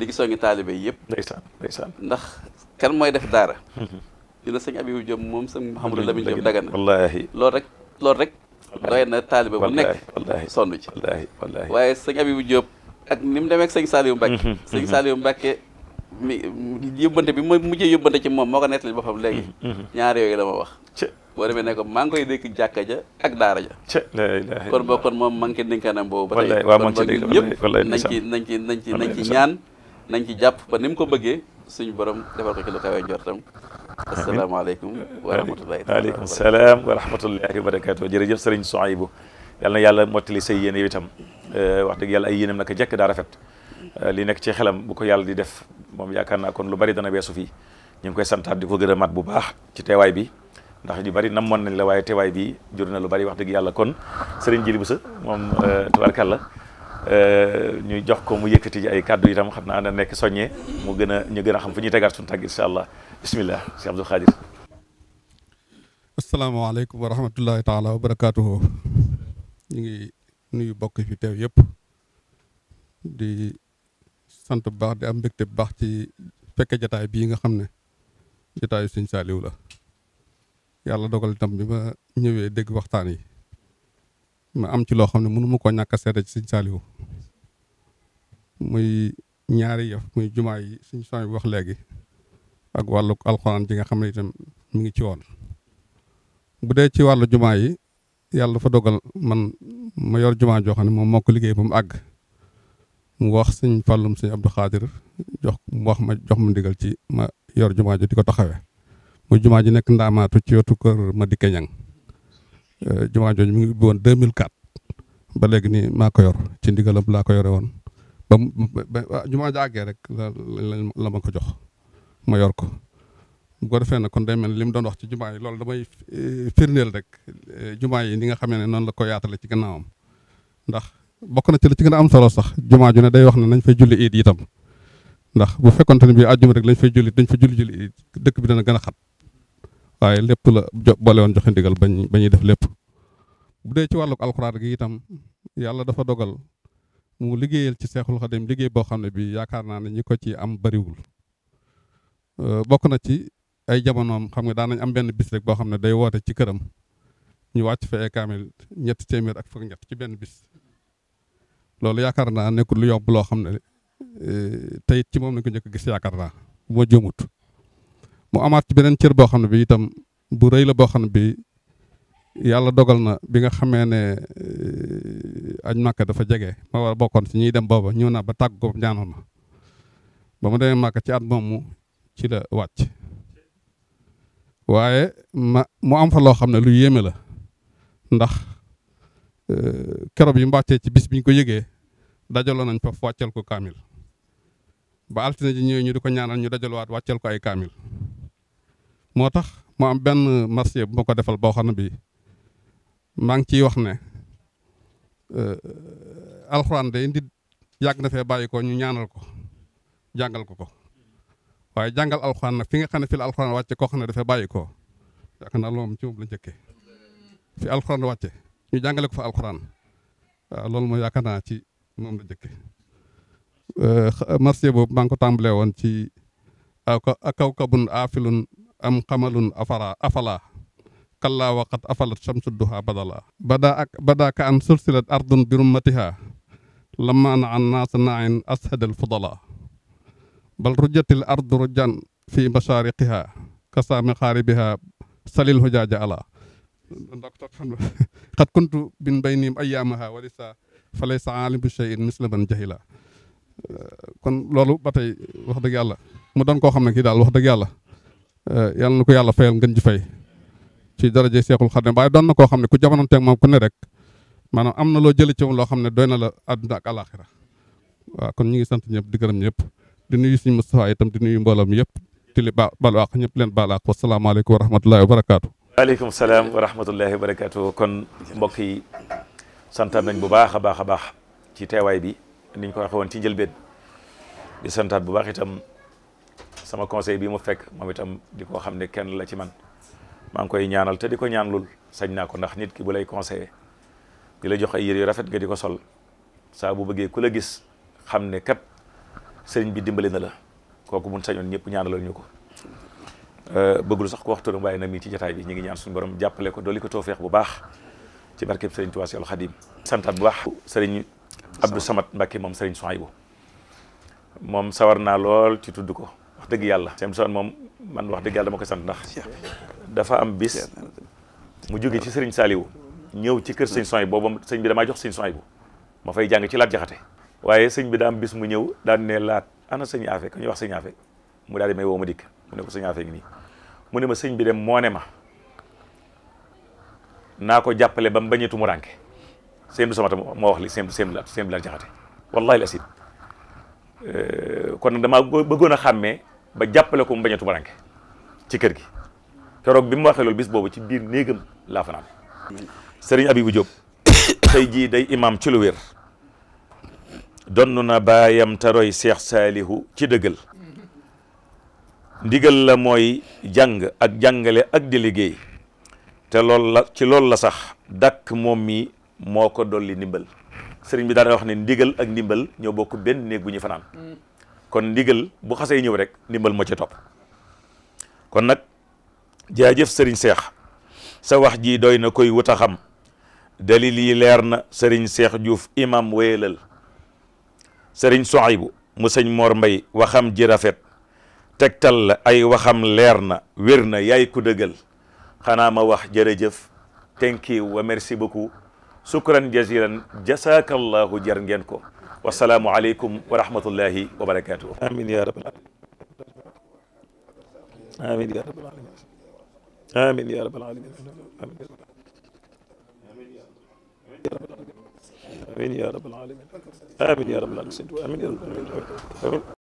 di ngi songi taalibe yi yëpp ndeysaan ndeysaan ndax kan mooy def daara mhm. ñu ne sëñ Habib Diop moom sëñ Mouhamadou Lamine Diop Dagana wallaahi loolu rek loolu rek doy na taalibe bu nekk sonn ci waaye sëñ Habib Diop ak ni mu demee ak sëñ Saliou Mbacke. Mhm. sëñ mhm. Saliou Mbacke mi yóbbante bi ma mujjee yóbbante ci moom moo ko nettali boppam léegi. Mhm. ñaar yooyu la ma wax. boo demee ne ko maa ngi koy ja ak daara ja kon boo kon moom maa ngi ciy dénkaanam boobu. ba tey kon boo ñun ñëpp nañ ci nañ ci nañ ñaan nañ ci jàpp ba ni mu ko bëggee suñu borom defal ko ci lu kawe njortam. asalaamaaleykum wa rahmatullahi waaleykum salaam wa rahmatullahi wa barakaatu jërëjëf sëriñ Souhaïbou yal na yàlla mottali say Eh, wax dëgg yàlla ay yéenam naka jekk daa rafet eh, li nekk ci xelam bu ko yàlla di def moom yaakaar naa kon lu bari dana beesu fii ñu ngi koy santaat di ko mat bu baax ci teewaay bi ndax ñu bari mon nañ la waaye teewaay bi jur na lu bari wax dëgg yàlla kon sëriñ Jili sa moom eh, tubaarkàlla ñu jox ko mu yëkkati ay kàddu itam xam naa na nekk soññee mu gën a gën a xam fu ñuy tegaat suñu tàgg incha allah bismillah si Abdul Xaadir asalaamaaleykum wa rahmatullahi taala wa nuyu bokk fi teew yëpp di sant bu baax di am mbégte bu baax ci fekke jataay bii nga xam ne jataayu sëñ Saaliw la yàlla dogal tam bi ma ñëwee dégg waxtaan yi ma am ci loo xam ne mënuma koo ñàkk a ci siñ Saaliw muy ñaari yëf muy jumaa yi suñu sooy wax léegi ak wàllu alxuraan ji nga xam ne itam mi ngi ci woon bu dee ci wàllu jumaa yi yàlla dafa dogal man ma yor jumaa joo xam ne moom moo ko liggéey ba mu àgg mu wax sëñ fàllum sëñ Abdou Khadir jox mu wax ma jox mu ndigal ci ma yor jumaa ji di ko taxawee mu jumaa ji nekk ndaamaatu ci wetu kër ma di keñang euh, jumaa jooju mu ngi ubbi woon 2004 ba léegi nii maa ko yor ci ndigalam laa ko yore woon ba jumaa ji rek la la ma ko jox ma yor ko bu ko defee nag kon day mel ni li mu doon wax ci jumaa yi loolu damay eh, firndeel rek eh, jumaa yi ni nga xamee ne noonu la ko yaatale ci gannaawam ndax bokk na ci la ci gën a am solo sax jumaa ju ne day wax ne nañ fay julli iid itam ndax bu fekkonte ne bii àjjuma rek lañ fay julli dañ fa julli julli iid dëkk bi dana gën a xat waaye lépp la boole woon joxe ndigal ba ñuy def lépp bu dee ci wàllug alxuraan gi itam yàlla dafa dogal mu liggéeyal ci seexul xadim liggéey boo xam ne bii yaakaar naa ne ñi ko ci am bariwul eh, bokk na ci ay jamonoom xam nga daan nañ am benn bis rek boo xam ne day woote ci këram ñu wàcc fa ay kaamil ñetti ak fukk ñett ci benn bis loolu yaakaar naa nekkul lu yomb loo xam ne e, tey ci moom lañ ko gis yaakaar naa moo jëmut mu amaat ci beneen cër boo xam ne bi itam bu rëy la boo xam ne bi yàlla dogal na bi nga xamee ne e, aj màkka dafa jege ma bokkoon ci ñuy dem booba ñëw naa ba tàgg ko ñaanoon ma ba mu demee màkka ci at moomu ci la wàcc waaye ma mu am fa loo xam ne lu yéeme la ndax euh, keroog yi mbàccee ci bis bi ñu ko yëgee dajaloo nañ fa wàccal ko kaamil ba altine ji ñëwee ñu di ko ñaanal ñu dajalwaat wàccal ko ay kaamil moo tax mu am benn marché bu ma ko defal boo xam ne bii maa ngi ciy wax ne euh, alxuraan day indi yàgg na fee bàyyi ko ñu ñaanal ko jàngal ko ko waaye jàngal alxuraan nag fi nga xam ne fi la alxuraan wàcce koo xam ne dafay bàyyi ko yaakaar naa loolu moom ci moom la njëkkee fi alxuraan wàcce ñu jàngale ko fa alxuraan waaw loolu mooy yaakaar naa ci moom la njëkkee euh, marché boobu maa ngi ko tàmbalee woon ci kaw kabun aafilun am xamalun afara afala kallaa waqat afalat shamsu duha bada ka an sulsilat ardun birummatiha lamma ana an naasa naain ashadal fudala bal rujjatil ardu rujjan fi mashaariqiha kasaami xaaribiha salil hujaaja ala xat kuntu bin baynim ayyaamaha walisa fa laysa aalim bi shay'in misla man kon loolu ba tey wax dëgg yàlla mu doon koo xam ne kii daal wax dëgg yàlla yàlla na ko yàlla fayal ngeen ji fay ci daraje Seexul ne waaye doon na koo xam ne ku jamono teeg moom ku ne rek maanaam am na loo jëlee ci moom loo xam ne doy na la àdduna ak àlaaxira waaw kon ñu ngi sant ñëpp di gërëm ñëpp di nuyu suñu Moustapha itam di nuyu mbooloom yëpp di li ba baal wax ñëpp leen baal ak wasalaamaaleykum wa rahmatullahi wa barakaatu. waaleykum salaam wa rahmatullahi wa barakaatu kon mbokk yi santaat nañ bu baax a baax a baax ci teewaay bi niñ koy waxee ci njëlbeen di santaat bu baax itam sama conseil bi mu fekk moom itam di ko xam ne kenn la ci man maa ngi koy ñaanal te di ko ñaan ñaanlul sañ naa ko ndax nit ki bu lay conseillé di la jox ay yére yu rafet nga di ko sol bu bëggee ku la gis xam ne kat. sëriñ bi dimbali na la kooku mun sañoon ñëpp ñaanalal ñu ko euh, bëggul sax ko wax turam waaye nag mii ci jataay bi ñu ngi ñaan suñu borom jàppale ko dolli ko toofeex bu baax ci barkeb sëriñ Tuubaa Seexul Xadiim santaat bu baax sëriñ Abdou Samad Mbacke moom sëriñ Souhaïbou moom sawar naa lool ci tudd ko wax dëgg yàlla sëriñ Souhaïbou moom man wax dëgg yàlla dama ko sant ndax dafa am bis mu jóge ci sëriñ Saliou ñëw ci kër sëriñ Souhaïbou boobu sëriñ bi damaa jox sëriñ Souhaïbou ma fay jàng ci laat jaxate waaye sëñ bi daam bis mu ñëw daan ne laat ana sëñ Afe ku ñuy wax sëñ Afe mu daal may woo ma dikk mu ne ko sëñ Afe ngi nii mu ne ma sëñ bi dem moo ne ma naa ko jàppale ba mu bañeetu mu rànke sëñ bi wax li sëñ sëñ laat sëñ laat jaxate wallahi la kon nag damaa bëggoon a xàmmee ba jàppale ko mu bañeetu mu ci kër gi keroog bi mu waxee loolu bis boobu ci biir néegam laa fanaan sëriñ Abibou Diop tey jii day imam ci lu wér donn na baayam taroy seex saalihu ci dëggal ndigal la mooy jàng ak jàngale ak di liggéey te loolu la ci loolu la sax dàkk moom mi moo ko dolli ndimbal sëriñ bi daana wax ne ndigal ak ndimbal ñoo bokk benn néeg bu ñu fanaan kon ndigal bu xasee ñëw rek ndimbal moo ci topp kon nag jaajëf sëriñ seex sa wax ji doy na koy wut a xam dalil yi leer na sëriñ seex Diouf imam wéyalal sëriñ so mu sëñ Mbay waxam ji rafet tegtal la ay waxam leer na wér na yaay ku dëggal xanaa ma wax jërëjëf thank you wa merci beaucoup sukran jaziran jasakallahu jar ngeen ko wasalaamu aleykum wa rahmatullahi wa barakatuh amiin yaa rabbal aalamiin amiin yaa rabbal aalamiin amiin yaa rabbal aalamiin